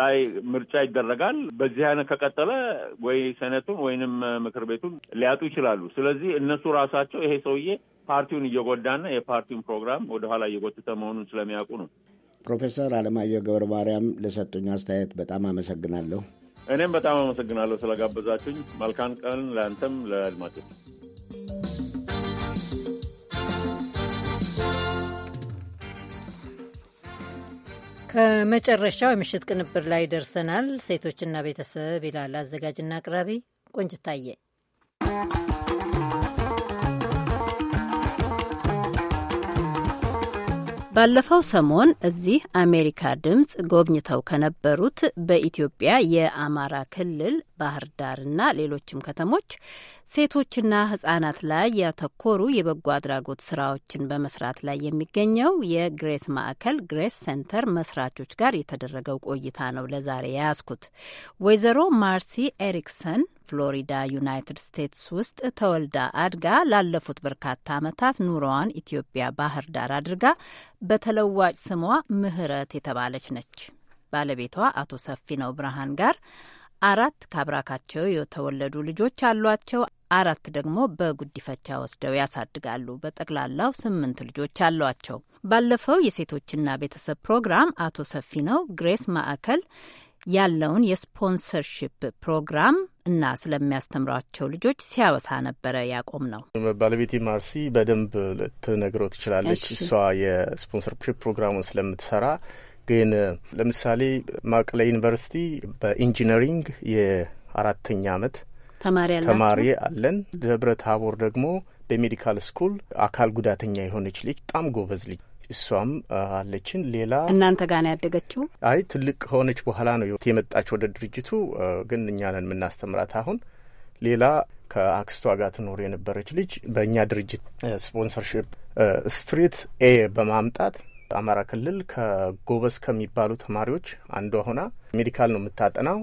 ላይ ምርጫ ይደረጋል። በዚህ አይነት ከቀጠለ ወይ ሴኔቱን ወይንም ምክር ቤቱን ሊያጡ ይችላሉ። ስለዚህ እነሱ ራሳቸው ይሄ ሰውዬ ፓርቲውን እየጎዳና የፓርቲውን ፕሮግራም ወደኋላ እየጎተተ መሆኑን ስለሚያውቁ ነው። ፕሮፌሰር አለማየሁ ገብረ ማርያም ለሰጡኝ አስተያየት በጣም አመሰግናለሁ። እኔም በጣም አመሰግናለሁ ስለጋበዛችሁኝ። መልካም ቀን ለአንተም ለአድማጮች። ከመጨረሻው የምሽት ቅንብር ላይ ደርሰናል። ሴቶችና ቤተሰብ ይላል አዘጋጅና አቅራቢ ቆንጅታየ ባለፈው ሰሞን እዚህ አሜሪካ ድምፅ ጎብኝተው ከነበሩት በኢትዮጵያ የአማራ ክልል ባህር ዳርና ሌሎችም ከተሞች ሴቶችና ሕጻናት ላይ ያተኮሩ የበጎ አድራጎት ስራዎችን በመስራት ላይ የሚገኘው የግሬስ ማዕከል ግሬስ ሴንተር መስራቾች ጋር የተደረገው ቆይታ ነው ለዛሬ የያዝኩት። ወይዘሮ ማርሲ ኤሪክሰን ፍሎሪዳ ዩናይትድ ስቴትስ ውስጥ ተወልዳ አድጋ ላለፉት በርካታ ዓመታት ኑሮዋን ኢትዮጵያ ባህር ዳር አድርጋ በተለዋጭ ስሟ ምህረት የተባለች ነች። ባለቤቷ አቶ ሰፊ ነው። ብርሃን ጋር አራት ካብራካቸው የተወለዱ ልጆች አሏቸው። አራት ደግሞ በጉዲፈቻ ወስደው ያሳድጋሉ። በጠቅላላው ስምንት ልጆች አሏቸው። ባለፈው የሴቶችና ቤተሰብ ፕሮግራም አቶ ሰፊ ነው ግሬስ ማዕከል ያለውን የስፖንሰርሺፕ ፕሮግራም እና ስለሚያስተምሯቸው ልጆች ሲያወሳ ነበረ ያቆም ነው። ባለቤቴ ማርሲ በደንብ ልትነግረው ትችላለች። እሷ የስፖንሰርሺፕ ፕሮግራሙን ስለምትሰራ ግን ለምሳሌ መቀሌ ዩኒቨርሲቲ በኢንጂነሪንግ የአራተኛ አመት ተማሪ አለን። ደብረ ታቦር ደግሞ በሜዲካል ስኩል አካል ጉዳተኛ የሆነች ልጅ በጣም ጎበዝ ልጅ እሷም አለችን። ሌላ እናንተ ጋር ነው ያደገችው? አይ ትልቅ ከሆነች በኋላ ነው የመጣች ወደ ድርጅቱ። ግን እኛ ነን የምናስተምራት አሁን። ሌላ ከአክስቷ ጋር ትኖር የነበረች ልጅ በእኛ ድርጅት ስፖንሰርሽፕ ስትሪት ኤ በማምጣት አማራ ክልል ከጎበዝ ከሚባሉ ተማሪዎች አንዷ ሆና ሜዲካል ነው የምታጠናው።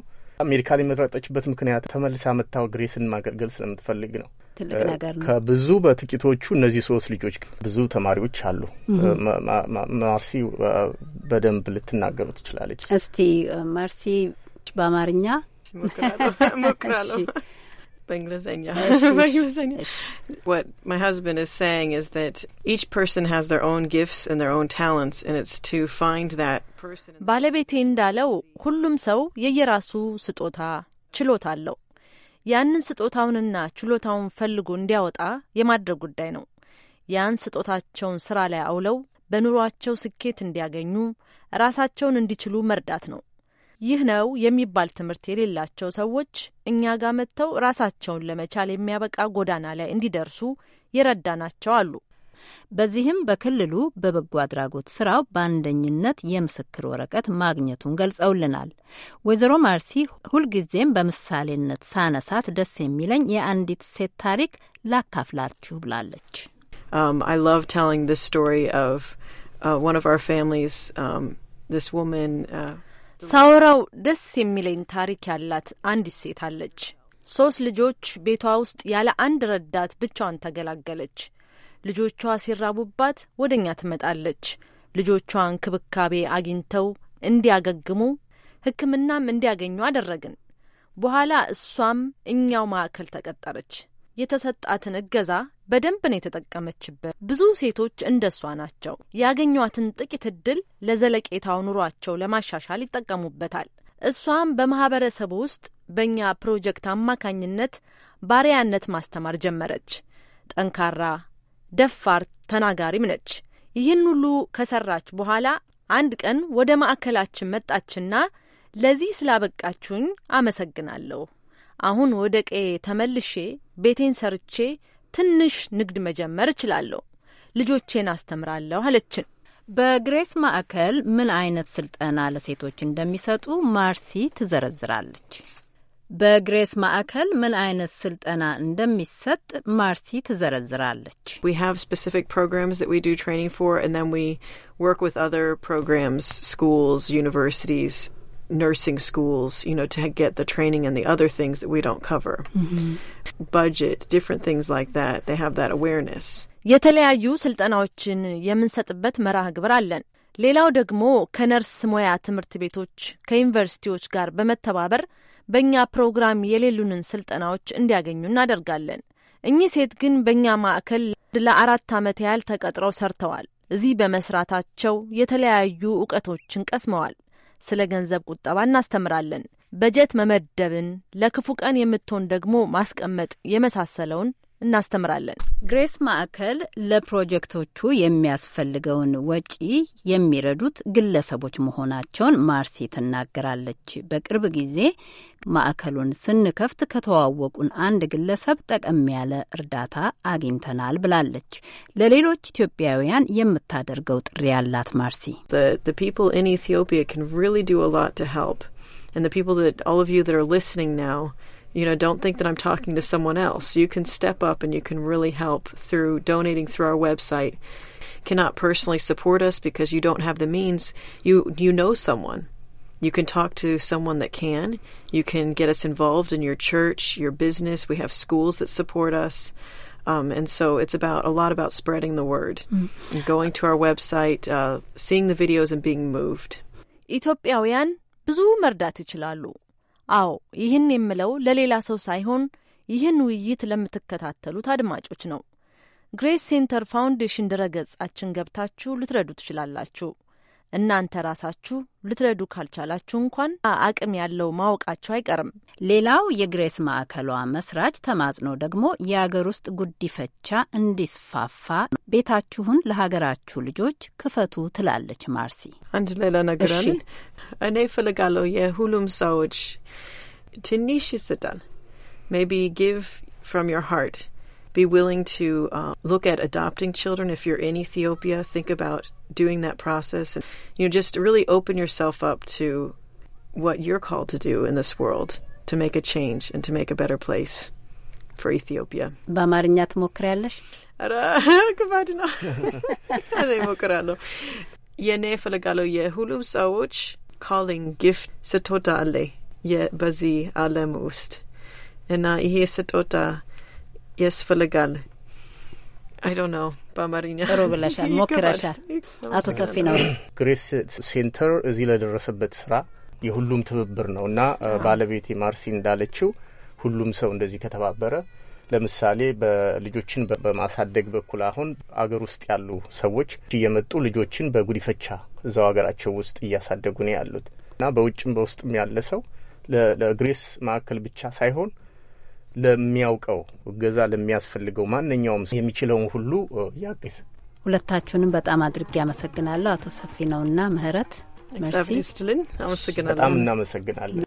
ሜዲካል የመረጠችበት ምክንያት ተመልሳ መታው ግሬስን ማገልገል ስለምትፈልግ ነው። ትልቅ ነገር ነው። ከብዙ በጥቂቶቹ እነዚህ ሶስት ልጆች ብዙ ተማሪዎች አሉ። ማርሲ በደንብ ልትናገሩ ትችላለች። እስቲ ማርሲ በአማርኛ ሞክራለሁ። What my husband is saying is that each person has their own gifts and their own talents, and it's to find that person. ባለቤቴ እንዳለው ሁሉም ሰው የየራሱ ስጦታ ችሎታ አለው። ያንን ስጦታውንና ችሎታውን ፈልጎ እንዲያወጣ የማድረግ ጉዳይ ነው። ያን ስጦታቸውን ስራ ላይ አውለው በኑሯቸው ስኬት እንዲያገኙ ራሳቸውን እንዲችሉ መርዳት ነው። ይህ ነው የሚባል ትምህርት የሌላቸው ሰዎች እኛ ጋር መጥተው ራሳቸውን ለመቻል የሚያበቃ ጎዳና ላይ እንዲደርሱ የረዳናቸው አሉ። በዚህም በክልሉ በበጎ አድራጎት ስራው በአንደኝነት የምስክር ወረቀት ማግኘቱን ገልጸውልናል። ወይዘሮ ማርሲ ሁልጊዜም በምሳሌነት ሳነሳት ደስ የሚለኝ የአንዲት ሴት ታሪክ ላካፍላችሁ ብላለች። um, I love telling this story of uh, one of our families, um, this woman. Uh, ሳወራው ደስ የሚለኝ ታሪክ ያላት አንዲት ሴት አለች። ሶስት ልጆች ቤቷ ውስጥ ያለ አንድ ረዳት ብቻዋን ተገላገለች። ልጆቿ ሲራቡባት ወደ እኛ ትመጣለች። ልጆቿ እንክብካቤ አግኝተው እንዲያገግሙ ሕክምናም እንዲያገኙ አደረግን። በኋላ እሷም እኛው ማዕከል ተቀጠረች። የተሰጣትን እገዛ በደንብ ነው የተጠቀመችበት። ብዙ ሴቶች እንደሷ ናቸው። ያገኟትን ጥቂት እድል ለዘለቄታው ኑሯቸው ለማሻሻል ይጠቀሙበታል። እሷም በማህበረሰቡ ውስጥ በእኛ ፕሮጀክት አማካኝነት ባሪያነት ማስተማር ጀመረች። ጠንካራ ደፋር ተናጋሪም ነች። ይህን ሁሉ ከሰራች በኋላ አንድ ቀን ወደ ማዕከላችን መጣችና ለዚህ ስላበቃችሁኝ አመሰግናለሁ። አሁን ወደ ቀዬ ተመልሼ ቤቴን ሰርቼ ትንሽ ንግድ መጀመር እችላለሁ፣ ልጆቼን አስተምራለሁ አለችን። በግሬስ ማዕከል ምን አይነት ስልጠና ለሴቶች እንደሚሰጡ ማርሲ ትዘረዝራለች። በግሬስ ማዕከል ምን አይነት ስልጠና እንደሚሰጥ ማርሲ ትዘረዝራለች። nursing schools, you know, to get the training and the other things that we don't cover. Mm-hmm. Budget, different things like that. They have that awareness. የተለያዩ ስልጠናዎችን የምንሰጥበት መርሃ ግብር አለን። ሌላው ደግሞ ከነርስ ሙያ ትምህርት ቤቶች ከዩኒቨርሲቲዎች ጋር በመተባበር በእኛ ፕሮግራም የሌሉንን ስልጠናዎች እንዲያገኙ እናደርጋለን። እኚህ ሴት ግን በእኛ ማዕከል ለአራት ዓመት ያህል ተቀጥረው ሰርተዋል። እዚህ በመስራታቸው የተለያዩ እውቀቶችን ቀስመዋል። ስለ ገንዘብ ቁጠባ እናስተምራለን። በጀት መመደብን፣ ለክፉ ቀን የምትሆን ደግሞ ማስቀመጥ የመሳሰለውን እናስተምራለን። ግሬስ ማዕከል ለፕሮጀክቶቹ የሚያስፈልገውን ወጪ የሚረዱት ግለሰቦች መሆናቸውን ማርሲ ትናገራለች። በቅርብ ጊዜ ማዕከሉን ስንከፍት ከተዋወቁን አንድ ግለሰብ ጠቀም ያለ እርዳታ አግኝተናል ብላለች። ለሌሎች ኢትዮጵያውያን የምታደርገው ጥሪ ያላት ማርሲ ኢትዮጵያ you know, don't think that I'm talking to someone else. You can step up and you can really help through donating through our website. Cannot personally support us because you don't have the means. You you know someone. You can talk to someone that can. You can get us involved in your church, your business. We have schools that support us. Um, and so it's about a lot about spreading the word, mm going to our website, uh, seeing the videos, and being moved. ኢትዮጵያውያን ብዙ መርዳት ይችላሉ። አዎ ይህን የምለው ለሌላ ሰው ሳይሆን ይህን ውይይት ለምትከታተሉት አድማጮች ነው። ግሬስ ሴንተር ፋውንዴሽን ድረገጻችን ገብታችሁ ልትረዱ ትችላላችሁ። እናንተ ራሳችሁ ልትረዱ ካልቻላችሁ እንኳን አቅም ያለው ማወቃቸው አይቀርም። ሌላው የግሬስ ማዕከሏ መስራች ተማጽኖ ደግሞ የአገር ውስጥ ጉዲፈቻ እንዲስፋፋ ቤታችሁን ለሀገራችሁ ልጆች ክፈቱ ትላለች። ማርሲ አንድ ሌላ ነገር አለ። እኔ ፈልጋለሁ የሁሉም ሰዎች ትንሽ ይሰጣል ቢ ጊቭ ፍሮም ዮር ሃርት be willing to uh, look at adopting children if you're in Ethiopia. Think about doing that process, and you know, just really open yourself up to what you're called to do in this world to make a change and to make a better place for Ethiopia. የእኔ እፈልጋለሁ የሁሉም ሰዎች calling gift ስጦታ አለ በዚህ ዓለም ውስጥ እና ይሄ ስጦታ ያስፈልጋል። አይ ዶንት ኖው በአማርኛ ጥሩ ብለሻል፣ ሞክረሻል። አቶ ሰፊ ነው ግሬስ ሴንተር እዚህ ለደረሰበት ስራ የሁሉም ትብብር ነው እና ባለቤቴ ማርሲ እንዳለችው ሁሉም ሰው እንደዚህ ከተባበረ ለምሳሌ በልጆችን በማሳደግ በኩል አሁን አገር ውስጥ ያሉ ሰዎች እየመጡ ልጆችን በጉዲፈቻ እዛው ሀገራቸው ውስጥ እያሳደጉ ነው ያሉት እና በውጭም በውስጥም ያለ ሰው ለግሬስ ማዕከል ብቻ ሳይሆን ለሚያውቀው እገዛ ለሚያስፈልገው ማንኛውም የሚችለውን ሁሉ ያግዝ። ሁለታችሁንም በጣም አድርጌ አመሰግናለሁ። አቶ ሰፊ ነውና ምህረት ስትልን አመሰግናለሁ። በጣም እናመሰግናለን።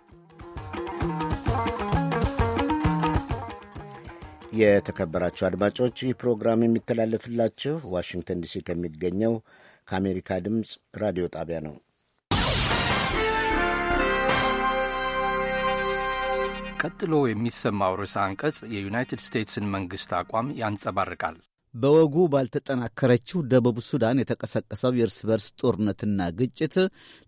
የተከበራችሁ አድማጮች ይህ ፕሮግራም የሚተላለፍላችሁ ዋሽንግተን ዲሲ ከሚገኘው ከአሜሪካ ድምፅ ራዲዮ ጣቢያ ነው። ቀጥሎ የሚሰማው ርዕሰ አንቀጽ የዩናይትድ ስቴትስን መንግሥት አቋም ያንጸባርቃል። በወጉ ባልተጠናከረችው ደቡብ ሱዳን የተቀሰቀሰው የእርስ በርስ ጦርነትና ግጭት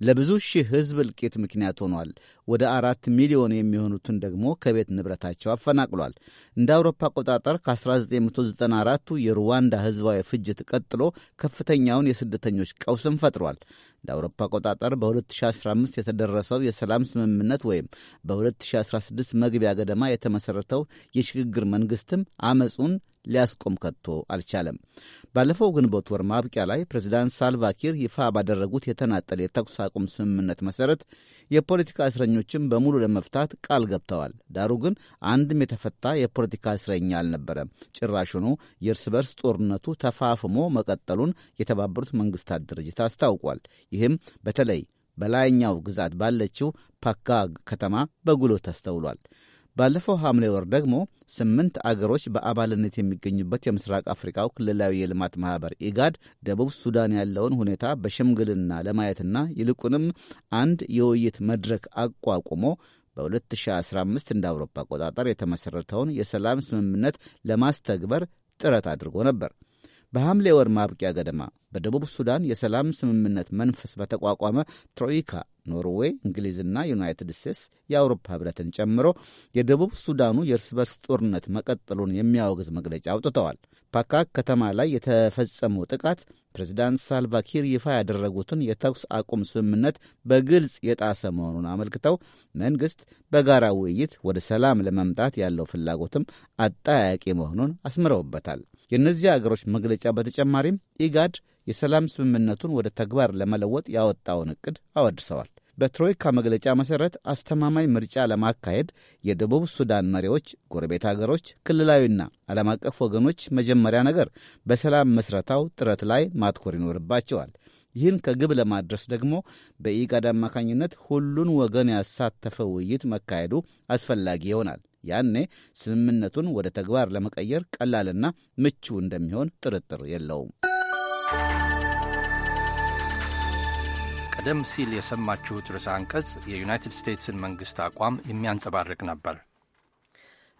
ለብዙ ሺህ ሕዝብ እልቂት ምክንያት ሆኗል። ወደ አራት ሚሊዮን የሚሆኑትን ደግሞ ከቤት ንብረታቸው አፈናቅሏል። እንደ አውሮፓ አቆጣጠር ከ1994ቱ የሩዋንዳ ሕዝባዊ ፍጅት ቀጥሎ ከፍተኛውን የስደተኞች ቀውስም ፈጥሯል። እንደ አውሮፓ አቆጣጠር በ2015 የተደረሰው የሰላም ስምምነት ወይም በ2016 መግቢያ ገደማ የተመሠረተው የሽግግር መንግሥትም አመፁን ሊያስቆም ከቶ አልቻለም። ባለፈው ግንቦት ወር ማብቂያ ላይ ፕሬዚዳንት ሳልቫኪር ይፋ ባደረጉት የተናጠል የተኩስ አቁም ስምምነት መሠረት የፖለቲካ እስረኞችን በሙሉ ለመፍታት ቃል ገብተዋል። ዳሩ ግን አንድም የተፈታ የፖለቲካ እስረኛ አልነበረም። ጭራሽኑ የእርስ በርስ ጦርነቱ ተፋፍሞ መቀጠሉን የተባበሩት መንግስታት ድርጅት አስታውቋል። ይህም በተለይ በላይኛው ግዛት ባለችው ፓካግ ከተማ በጉልህ ተስተውሏል። ባለፈው ሐምሌ ወር ደግሞ ስምንት አገሮች በአባልነት የሚገኙበት የምስራቅ አፍሪካው ክልላዊ የልማት ማኅበር ኢጋድ ደቡብ ሱዳን ያለውን ሁኔታ በሽምግልና ለማየትና ይልቁንም አንድ የውይይት መድረክ አቋቁሞ በ2015 እንደ አውሮፓ አቆጣጠር የተመሠረተውን የሰላም ስምምነት ለማስተግበር ጥረት አድርጎ ነበር። በሐምሌ ወር ማብቂያ ገደማ በደቡብ ሱዳን የሰላም ስምምነት መንፈስ በተቋቋመ ትሮይካ ኖርዌይ፣ እንግሊዝና ዩናይትድ ስቴትስ የአውሮፓ ህብረትን ጨምሮ የደቡብ ሱዳኑ የእርስ በርስ ጦርነት መቀጠሉን የሚያወግዝ መግለጫ አውጥተዋል። ፓካክ ከተማ ላይ የተፈጸመው ጥቃት ፕሬዚዳንት ሳልቫኪር ይፋ ያደረጉትን የተኩስ አቁም ስምምነት በግልጽ የጣሰ መሆኑን አመልክተው መንግሥት በጋራ ውይይት ወደ ሰላም ለመምጣት ያለው ፍላጎትም አጠያያቂ መሆኑን አስምረውበታል። የእነዚህ አገሮች መግለጫ በተጨማሪም ኢጋድ የሰላም ስምምነቱን ወደ ተግባር ለመለወጥ ያወጣውን እቅድ አወድሰዋል። በትሮይካ መግለጫ መሠረት አስተማማኝ ምርጫ ለማካሄድ የደቡብ ሱዳን መሪዎች፣ ጎረቤት አገሮች፣ ክልላዊና ዓለም አቀፍ ወገኖች መጀመሪያ ነገር በሰላም መስረታው ጥረት ላይ ማትኮር ይኖርባቸዋል። ይህን ከግብ ለማድረስ ደግሞ በኢጋድ አማካኝነት ሁሉን ወገን ያሳተፈ ውይይት መካሄዱ አስፈላጊ ይሆናል። ያኔ ስምምነቱን ወደ ተግባር ለመቀየር ቀላልና ምቹ እንደሚሆን ጥርጥር የለውም። ቀደም ሲል የሰማችሁት ርዕሰ አንቀጽ የዩናይትድ ስቴትስን መንግስት አቋም የሚያንጸባርቅ ነበር።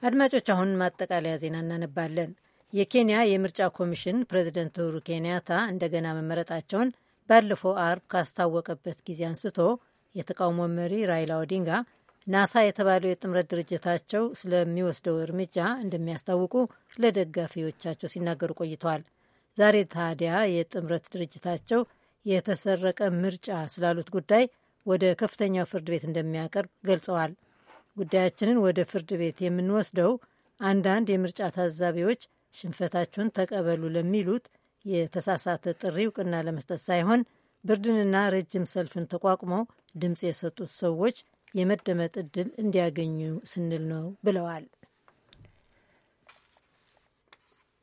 አድማጮች፣ አሁን ማጠቃለያ ዜና እናነባለን። የኬንያ የምርጫ ኮሚሽን ፕሬዚደንት ኡሁሩ ኬንያታ እንደገና መመረጣቸውን ባለፈው አርብ ካስታወቀበት ጊዜ አንስቶ የተቃውሞ መሪ ራይላ ኦዲንጋ ናሳ የተባለው የጥምረት ድርጅታቸው ስለሚወስደው እርምጃ እንደሚያስታውቁ ለደጋፊዎቻቸው ሲናገሩ ቆይተዋል። ዛሬ ታዲያ የጥምረት ድርጅታቸው የተሰረቀ ምርጫ ስላሉት ጉዳይ ወደ ከፍተኛው ፍርድ ቤት እንደሚያቀርብ ገልጸዋል። ጉዳያችንን ወደ ፍርድ ቤት የምንወስደው አንዳንድ የምርጫ ታዛቢዎች ሽንፈታችሁን ተቀበሉ ለሚሉት የተሳሳተ ጥሪ እውቅና ለመስጠት ሳይሆን ብርድንና ረጅም ሰልፍን ተቋቁመው ድምፅ የሰጡት ሰዎች የመደመጥ እድል እንዲያገኙ ስንል ነው ብለዋል።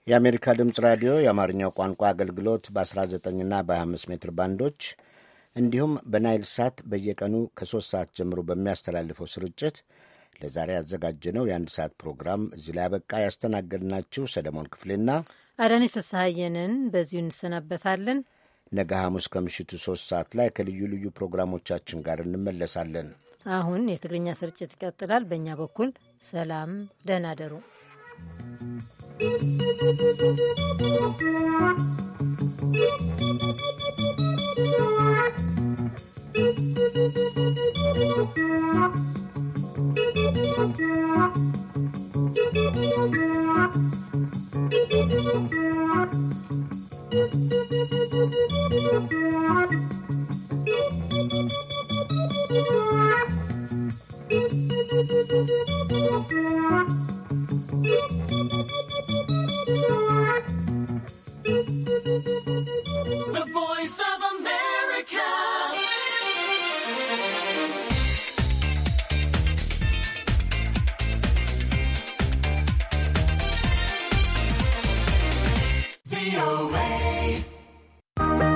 የአሜሪካ ድምፅ ራዲዮ የአማርኛው ቋንቋ አገልግሎት በ19ና በ25 ሜትር ባንዶች እንዲሁም በናይል ሳት በየቀኑ ከሶስት ሰዓት ጀምሮ በሚያስተላልፈው ስርጭት ለዛሬ ያዘጋጀነው የአንድ ሰዓት ፕሮግራም እዚህ ላይ አበቃ። ያስተናገድናችሁ ሰለሞን ክፍሌና አዳነች ተስሐየንን በዚሁ እንሰናበታለን። ነገ ሐሙስ ከምሽቱ ሶስት ሰዓት ላይ ከልዩ ልዩ ፕሮግራሞቻችን ጋር እንመለሳለን። አሁን የትግርኛ ስርጭት ይቀጥላል። በእኛ በኩል ሰላም፣ ደህና ደሩ